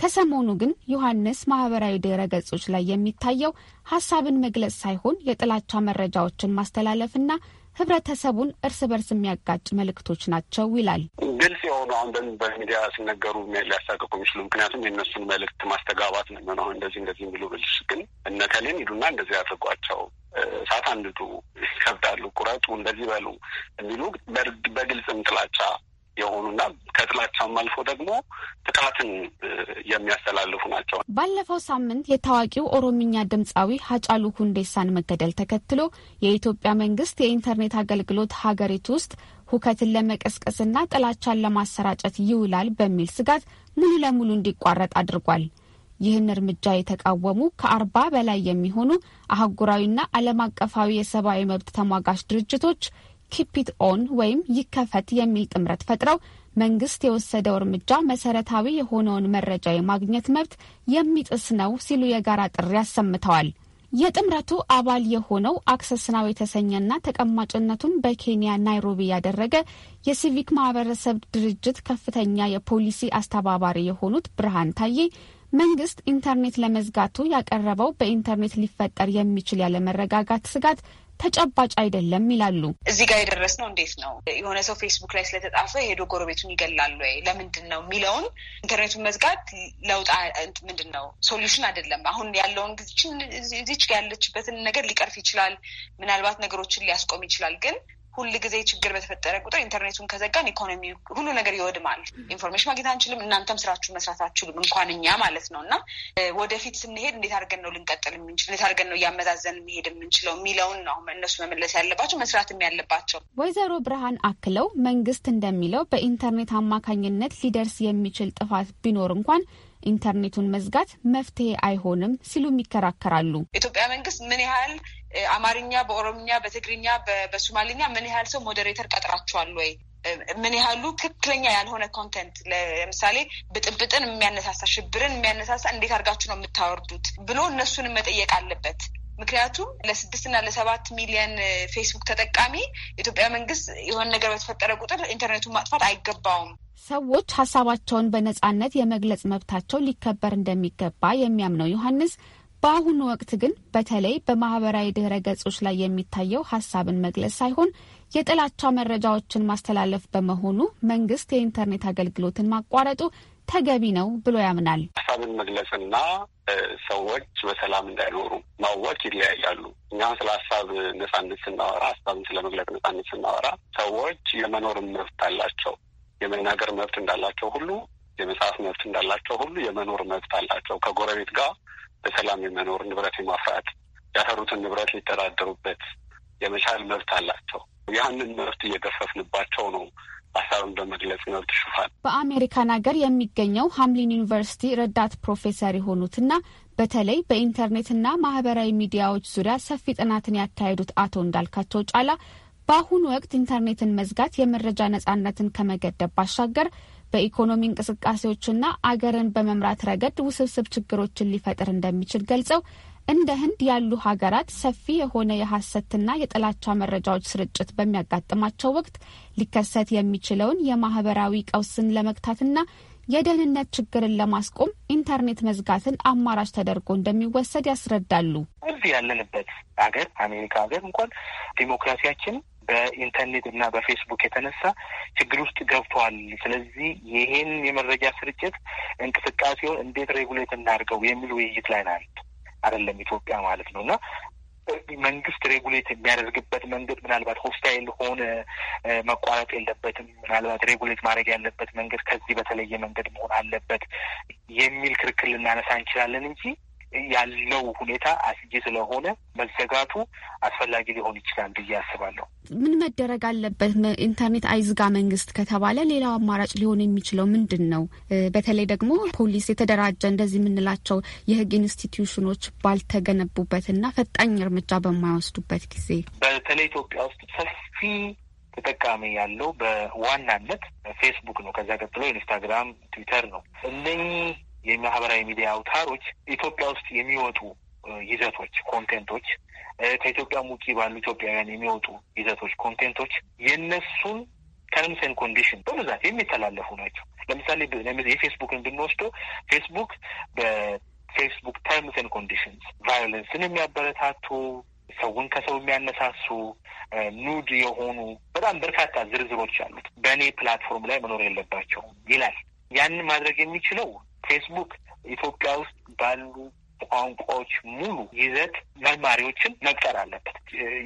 Speaker 14: ከሰሞኑ ግን ዮሐንስ ማህበራዊ ድረ ገጾች ላይ የሚታየው ሀሳብን መግለጽ ሳይሆን የጥላቻ መረጃዎችን ማስተላለፍና ህብረተሰቡን እርስ በርስ የሚያጋጭ መልእክቶች ናቸው ይላል።
Speaker 6: ግልጽ የሆኑ አሁን በ በሚዲያ ሲነገሩ ሊያሳቅቁ የሚችሉ ምክንያቱም የእነሱን መልእክት ማስተጋባት ነው የሚሆነው። እንደዚህ እንደዚህ የሚሉ ብልሽ ግን እነከሌን ሂዱና እንደዚህ አድርጓቸው፣ እሳት አንድዱ፣ ይከብዳሉ፣ ቁረጡ፣ እንደዚህ በሉ የሚሉ በግልጽም ጥላቻ የሆኑና ከጥላቻም አልፎ ደግሞ ጥቃትን የሚያስተላልፉ ናቸው።
Speaker 14: ባለፈው ሳምንት የታዋቂው ኦሮምኛ ድምፃዊ ሀጫሉ ሁንዴሳን መገደል ተከትሎ የኢትዮጵያ መንግስት የኢንተርኔት አገልግሎት ሀገሪቱ ውስጥ ሁከትን ለመቀስቀስና ጥላቻን ለማሰራጨት ይውላል በሚል ስጋት ሙሉ ለሙሉ እንዲቋረጥ አድርጓል። ይህን እርምጃ የተቃወሙ ከአርባ በላይ የሚሆኑ አህጉራዊና ዓለም አቀፋዊ የሰብአዊ መብት ተሟጋች ድርጅቶች ኪፒት ኦን ወይም ይከፈት የሚል ጥምረት ፈጥረው መንግስት የወሰደው እርምጃ መሰረታዊ የሆነውን መረጃ የማግኘት መብት የሚጥስ ነው ሲሉ የጋራ ጥሪ አሰምተዋል። የጥምረቱ አባል የሆነው አክሰስ ናው የተሰኘና ተቀማጭነቱን በኬንያ ናይሮቢ ያደረገ የሲቪክ ማህበረሰብ ድርጅት ከፍተኛ የፖሊሲ አስተባባሪ የሆኑት ብርሃን ታዬ መንግስት ኢንተርኔት ለመዝጋቱ ያቀረበው በኢንተርኔት ሊፈጠር የሚችል ያለመረጋጋት ስጋት ተጨባጭ አይደለም ይላሉ። እዚህ ጋር
Speaker 15: የደረስነው እንዴት ነው? የሆነ ሰው ፌስቡክ ላይ ስለተጻፈ ሄዶ ጎረቤቱን ይገላሉ ወይ ለምንድን ነው የሚለውን ኢንተርኔቱን መዝጋት ለውጣ ምንድን ነው ሶሉሽን አይደለም። አሁን ያለውን ጊዜችን ያለችበትን ነገር ሊቀርፍ ይችላል፣ ምናልባት ነገሮችን ሊያስቆም ይችላል። ግን ሁል ጊዜ ችግር በተፈጠረ ቁጥር ኢንተርኔቱን ከዘጋን ኢኮኖሚ ሁሉ ነገር ይወድማል። ኢንፎርሜሽን ማግኘት አንችልም። እናንተም ስራችሁን መስራት አችሉም፣ እንኳን እኛ ማለት ነው። እና ወደፊት ስንሄድ እንዴት አድርገን ነው ልንቀጥል የምንችል፣ እንዴት አድርገን ነው እያመዛዘን መሄድ የምንችለው የሚለውን ነው እነሱ መመለስ ያለባቸው መስራትም ያለባቸው።
Speaker 14: ወይዘሮ ብርሃን አክለው መንግስት እንደሚለው በኢንተርኔት አማካኝነት ሊደርስ የሚችል ጥፋት ቢኖር እንኳን ኢንተርኔቱን መዝጋት መፍትሄ አይሆንም ሲሉም ይከራከራሉ።
Speaker 15: ኢትዮጵያ መንግስት ምን ያህል አማርኛ፣ በኦሮምኛ፣ በትግርኛ፣ በሶማሊኛ ምን ያህል ሰው ሞዴሬተር ቀጥራቸዋል ወይ? ምን ያህሉ ትክክለኛ ያልሆነ ኮንተንት ለምሳሌ ብጥብጥን የሚያነሳሳ ሽብርን የሚያነሳሳ እንዴት አድርጋችሁ ነው የምታወርዱት ብሎ እነሱንም መጠየቅ አለበት። ምክንያቱም ለስድስት ና ለሰባት ሚሊዮን ፌስቡክ ተጠቃሚ የኢትዮጵያ መንግስት የሆነ ነገር በተፈጠረ ቁጥር ኢንተርኔቱን ማጥፋት አይገባውም።
Speaker 14: ሰዎች ሀሳባቸውን በነጻነት የመግለጽ መብታቸው ሊከበር እንደሚገባ የሚያምነው ዮሐንስ በአሁኑ ወቅት ግን በተለይ በማህበራዊ ድህረ ገጾች ላይ የሚታየው ሀሳብን መግለጽ ሳይሆን የጥላቻ መረጃዎችን ማስተላለፍ በመሆኑ መንግስት የኢንተርኔት አገልግሎትን ማቋረጡ ተገቢ ነው ብሎ ያምናል።
Speaker 2: ሀሳብን መግለጽና
Speaker 6: ሰዎች በሰላም እንዳይኖሩ ማወቅ ይለያያሉ። እኛ ስለ ሀሳብ ነጻነት ስናወራ፣ ሀሳብን ስለ መግለጽ ነጻነት ስናወራ ሰዎች የመኖርን መብት አላቸው። የመናገር መብት እንዳላቸው ሁሉ የመጽሐፍ መብት እንዳላቸው ሁሉ የመኖር መብት አላቸው። ከጎረቤት ጋር በሰላም የመኖር ንብረት የማፍራት ያፈሩትን ንብረት ሊተዳደሩበት የመቻል መብት አላቸው። ያንን መብት እየገፈፍንባቸው ነው ሀሳቡን በመግለጽ
Speaker 4: መብት ሽፋን
Speaker 14: በአሜሪካን ሀገር የሚገኘው ሀምሊን ዩኒቨርሲቲ ረዳት ፕሮፌሰር የሆኑትና በተለይ በኢንተርኔትና ማህበራዊ ሚዲያዎች ዙሪያ ሰፊ ጥናትን ያካሄዱት አቶ እንዳልካቸው ጫላ በአሁኑ ወቅት ኢንተርኔትን መዝጋት የመረጃ ነጻነትን ከመገደብ ባሻገር በኢኮኖሚ እንቅስቃሴዎችና አገርን በመምራት ረገድ ውስብስብ ችግሮችን ሊፈጥር እንደሚችል ገልጸው እንደ ህንድ ያሉ ሀገራት ሰፊ የሆነ የሐሰትና የጥላቻ መረጃዎች ስርጭት በሚያጋጥማቸው ወቅት ሊከሰት የሚችለውን የማህበራዊ ቀውስን ለመግታትና የደህንነት ችግርን ለማስቆም ኢንተርኔት መዝጋትን አማራጭ ተደርጎ እንደሚወሰድ ያስረዳሉ።
Speaker 16: እዚህ ያለንበት ሀገር አሜሪካ ሀገር እንኳን ዲሞክራሲያችን በኢንተርኔት እና በፌስቡክ የተነሳ ችግር ውስጥ ገብተዋል። ስለዚህ ይህን የመረጃ ስርጭት እንቅስቃሴውን እንዴት ሬጉሌት እናድርገው የሚል ውይይት ላይ ናል አይደለም ኢትዮጵያ ማለት ነው እና መንግስት ሬጉሌት የሚያደርግበት መንገድ ምናልባት ሆስታይል ሆነ መቋረጥ የለበትም። ምናልባት ሬጉሌት ማድረግ ያለበት መንገድ ከዚህ በተለየ መንገድ መሆን አለበት የሚል ክርክር ልናነሳ እንችላለን እንጂ ያለው ሁኔታ አስጊ ስለሆነ መዘጋቱ አስፈላጊ ሊሆን ይችላል ብዬ አስባለሁ።
Speaker 14: ምን መደረግ አለበት? ኢንተርኔት አይዝጋ መንግስት ከተባለ ሌላው አማራጭ ሊሆን የሚችለው ምንድን ነው? በተለይ ደግሞ ፖሊስ፣ የተደራጀ እንደዚህ የምንላቸው የህግ ኢንስቲትዩሽኖች እና ፈጣኝ እርምጃ በማይወስዱበት ጊዜ
Speaker 16: በተለይ ኢትዮጵያ ውስጥ ሰፊ ተጠቃሚ ያለው በዋናነት ፌስቡክ ነው። ከዛ ቀጥሎ ኢንስታግራም፣ ትዊተር ነው። እነኚህ የማህበራዊ ሚዲያ አውታሮች ኢትዮጵያ ውስጥ የሚወጡ ይዘቶች፣ ኮንቴንቶች ከኢትዮጵያ ውጭ ባሉ ኢትዮጵያውያን የሚወጡ ይዘቶች፣ ኮንቴንቶች የነሱን ተርምስ ኤንድ ኮንዲሽን በብዛት የሚተላለፉ ናቸው። ለምሳሌ የፌስቡክን ብንወስደው ፌስቡክ በፌስቡክ ተርምስ ኤንድ ኮንዲሽንስ ቫዮለንስን የሚያበረታቱ ሰውን ከሰው የሚያነሳሱ ኑድ የሆኑ በጣም በርካታ ዝርዝሮች አሉት። በእኔ ፕላትፎርም ላይ መኖር የለባቸውም ይላል። ያንን ማድረግ የሚችለው ፌስቡክ ኢትዮጵያ ውስጥ ባሉ ቋንቋዎች ሙሉ ይዘት መርማሪዎችን መቅጠር አለበት።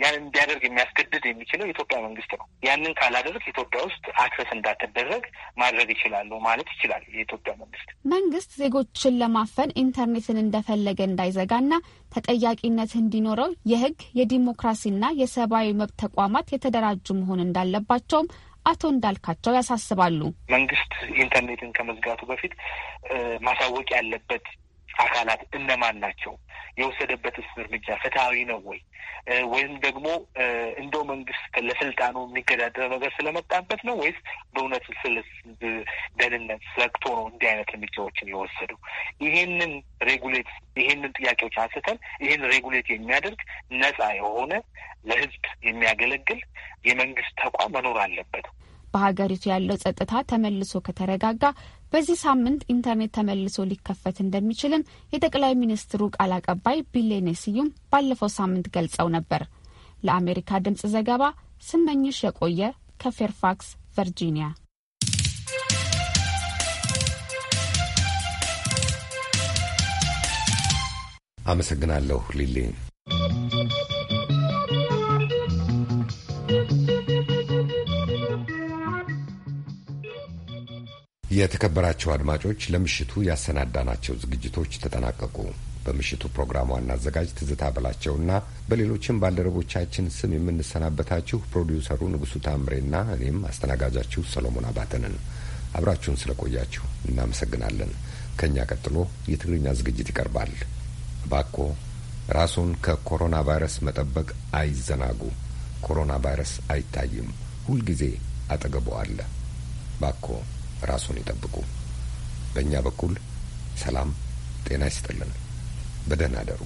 Speaker 16: ያን እንዲያደርግ የሚያስገድድ የሚችለው የኢትዮጵያ መንግስት ነው። ያንን ካላደርግ ኢትዮጵያ ውስጥ አክሰስ እንዳትደረግ ማድረግ ይችላሉ ማለት ይችላል የኢትዮጵያ መንግስት።
Speaker 14: መንግስት ዜጎችን ለማፈን ኢንተርኔትን እንደፈለገ እንዳይዘጋና ተጠያቂነት እንዲኖረው የህግ የዲሞክራሲና የሰብአዊ መብት ተቋማት የተደራጁ መሆን እንዳለባቸውም አቶ እንዳልካቸው ያሳስባሉ።
Speaker 16: መንግስት ኢንተርኔትን ከመዝጋቱ በፊት ማሳወቅ ያለበት አካላት እነማን ናቸው? የወሰደበትስ እርምጃ ፍትሐዊ ነው ወይ? ወይም ደግሞ እንደው መንግስት ለስልጣኑ የሚገዳደረ ነገር ስለመጣበት ነው ወይስ በእውነት ስለ ደህንነት ዘግቶ ነው እንዲህ አይነት እርምጃዎችን የወሰደው? ይሄንን ሬጉሌት ይሄንን ጥያቄዎች አንስተን ይሄን ሬጉሌት የሚያደርግ ነጻ የሆነ ለህዝብ የሚያገለግል የመንግስት ተቋም መኖር አለበት።
Speaker 14: በሀገሪቱ ያለው ጸጥታ ተመልሶ ከተረጋጋ በዚህ ሳምንት ኢንተርኔት ተመልሶ ሊከፈት እንደሚችልም የጠቅላይ ሚኒስትሩ ቃል አቀባይ ቢሌኔ ስዩም ባለፈው ሳምንት ገልጸው ነበር። ለአሜሪካ ድምፅ ዘገባ ስመኝሽ የቆየ ከፌርፋክስ ቨርጂኒያ።
Speaker 1: አመሰግናለሁ ሊሌ። የተከበራቸው አድማጮች ለምሽቱ ያሰናዳናቸው ዝግጅቶች ተጠናቀቁ። በምሽቱ ፕሮግራም ዋና አዘጋጅ ትዝታ በላቸውና በሌሎችም ባልደረቦቻችን ስም የምንሰናበታችሁ ፕሮዲውሰሩ ንጉሱ ታምሬና እኔም አስተናጋጃችሁ ሰሎሞን አባተንን አብራችሁን ስለቆያችሁ እናመሰግናለን። ከእኛ ቀጥሎ የትግርኛ ዝግጅት ይቀርባል። እባክዎ ራሱን ከኮሮና ቫይረስ መጠበቅ አይዘናጉ። ኮሮና ቫይረስ አይታይም፣ ሁልጊዜ አጠገቦ አለ። እባክዎ ራሱን ይጠብቁ። በእኛ በኩል ሰላም ጤና ይስጥልን። በደህና አደሩ።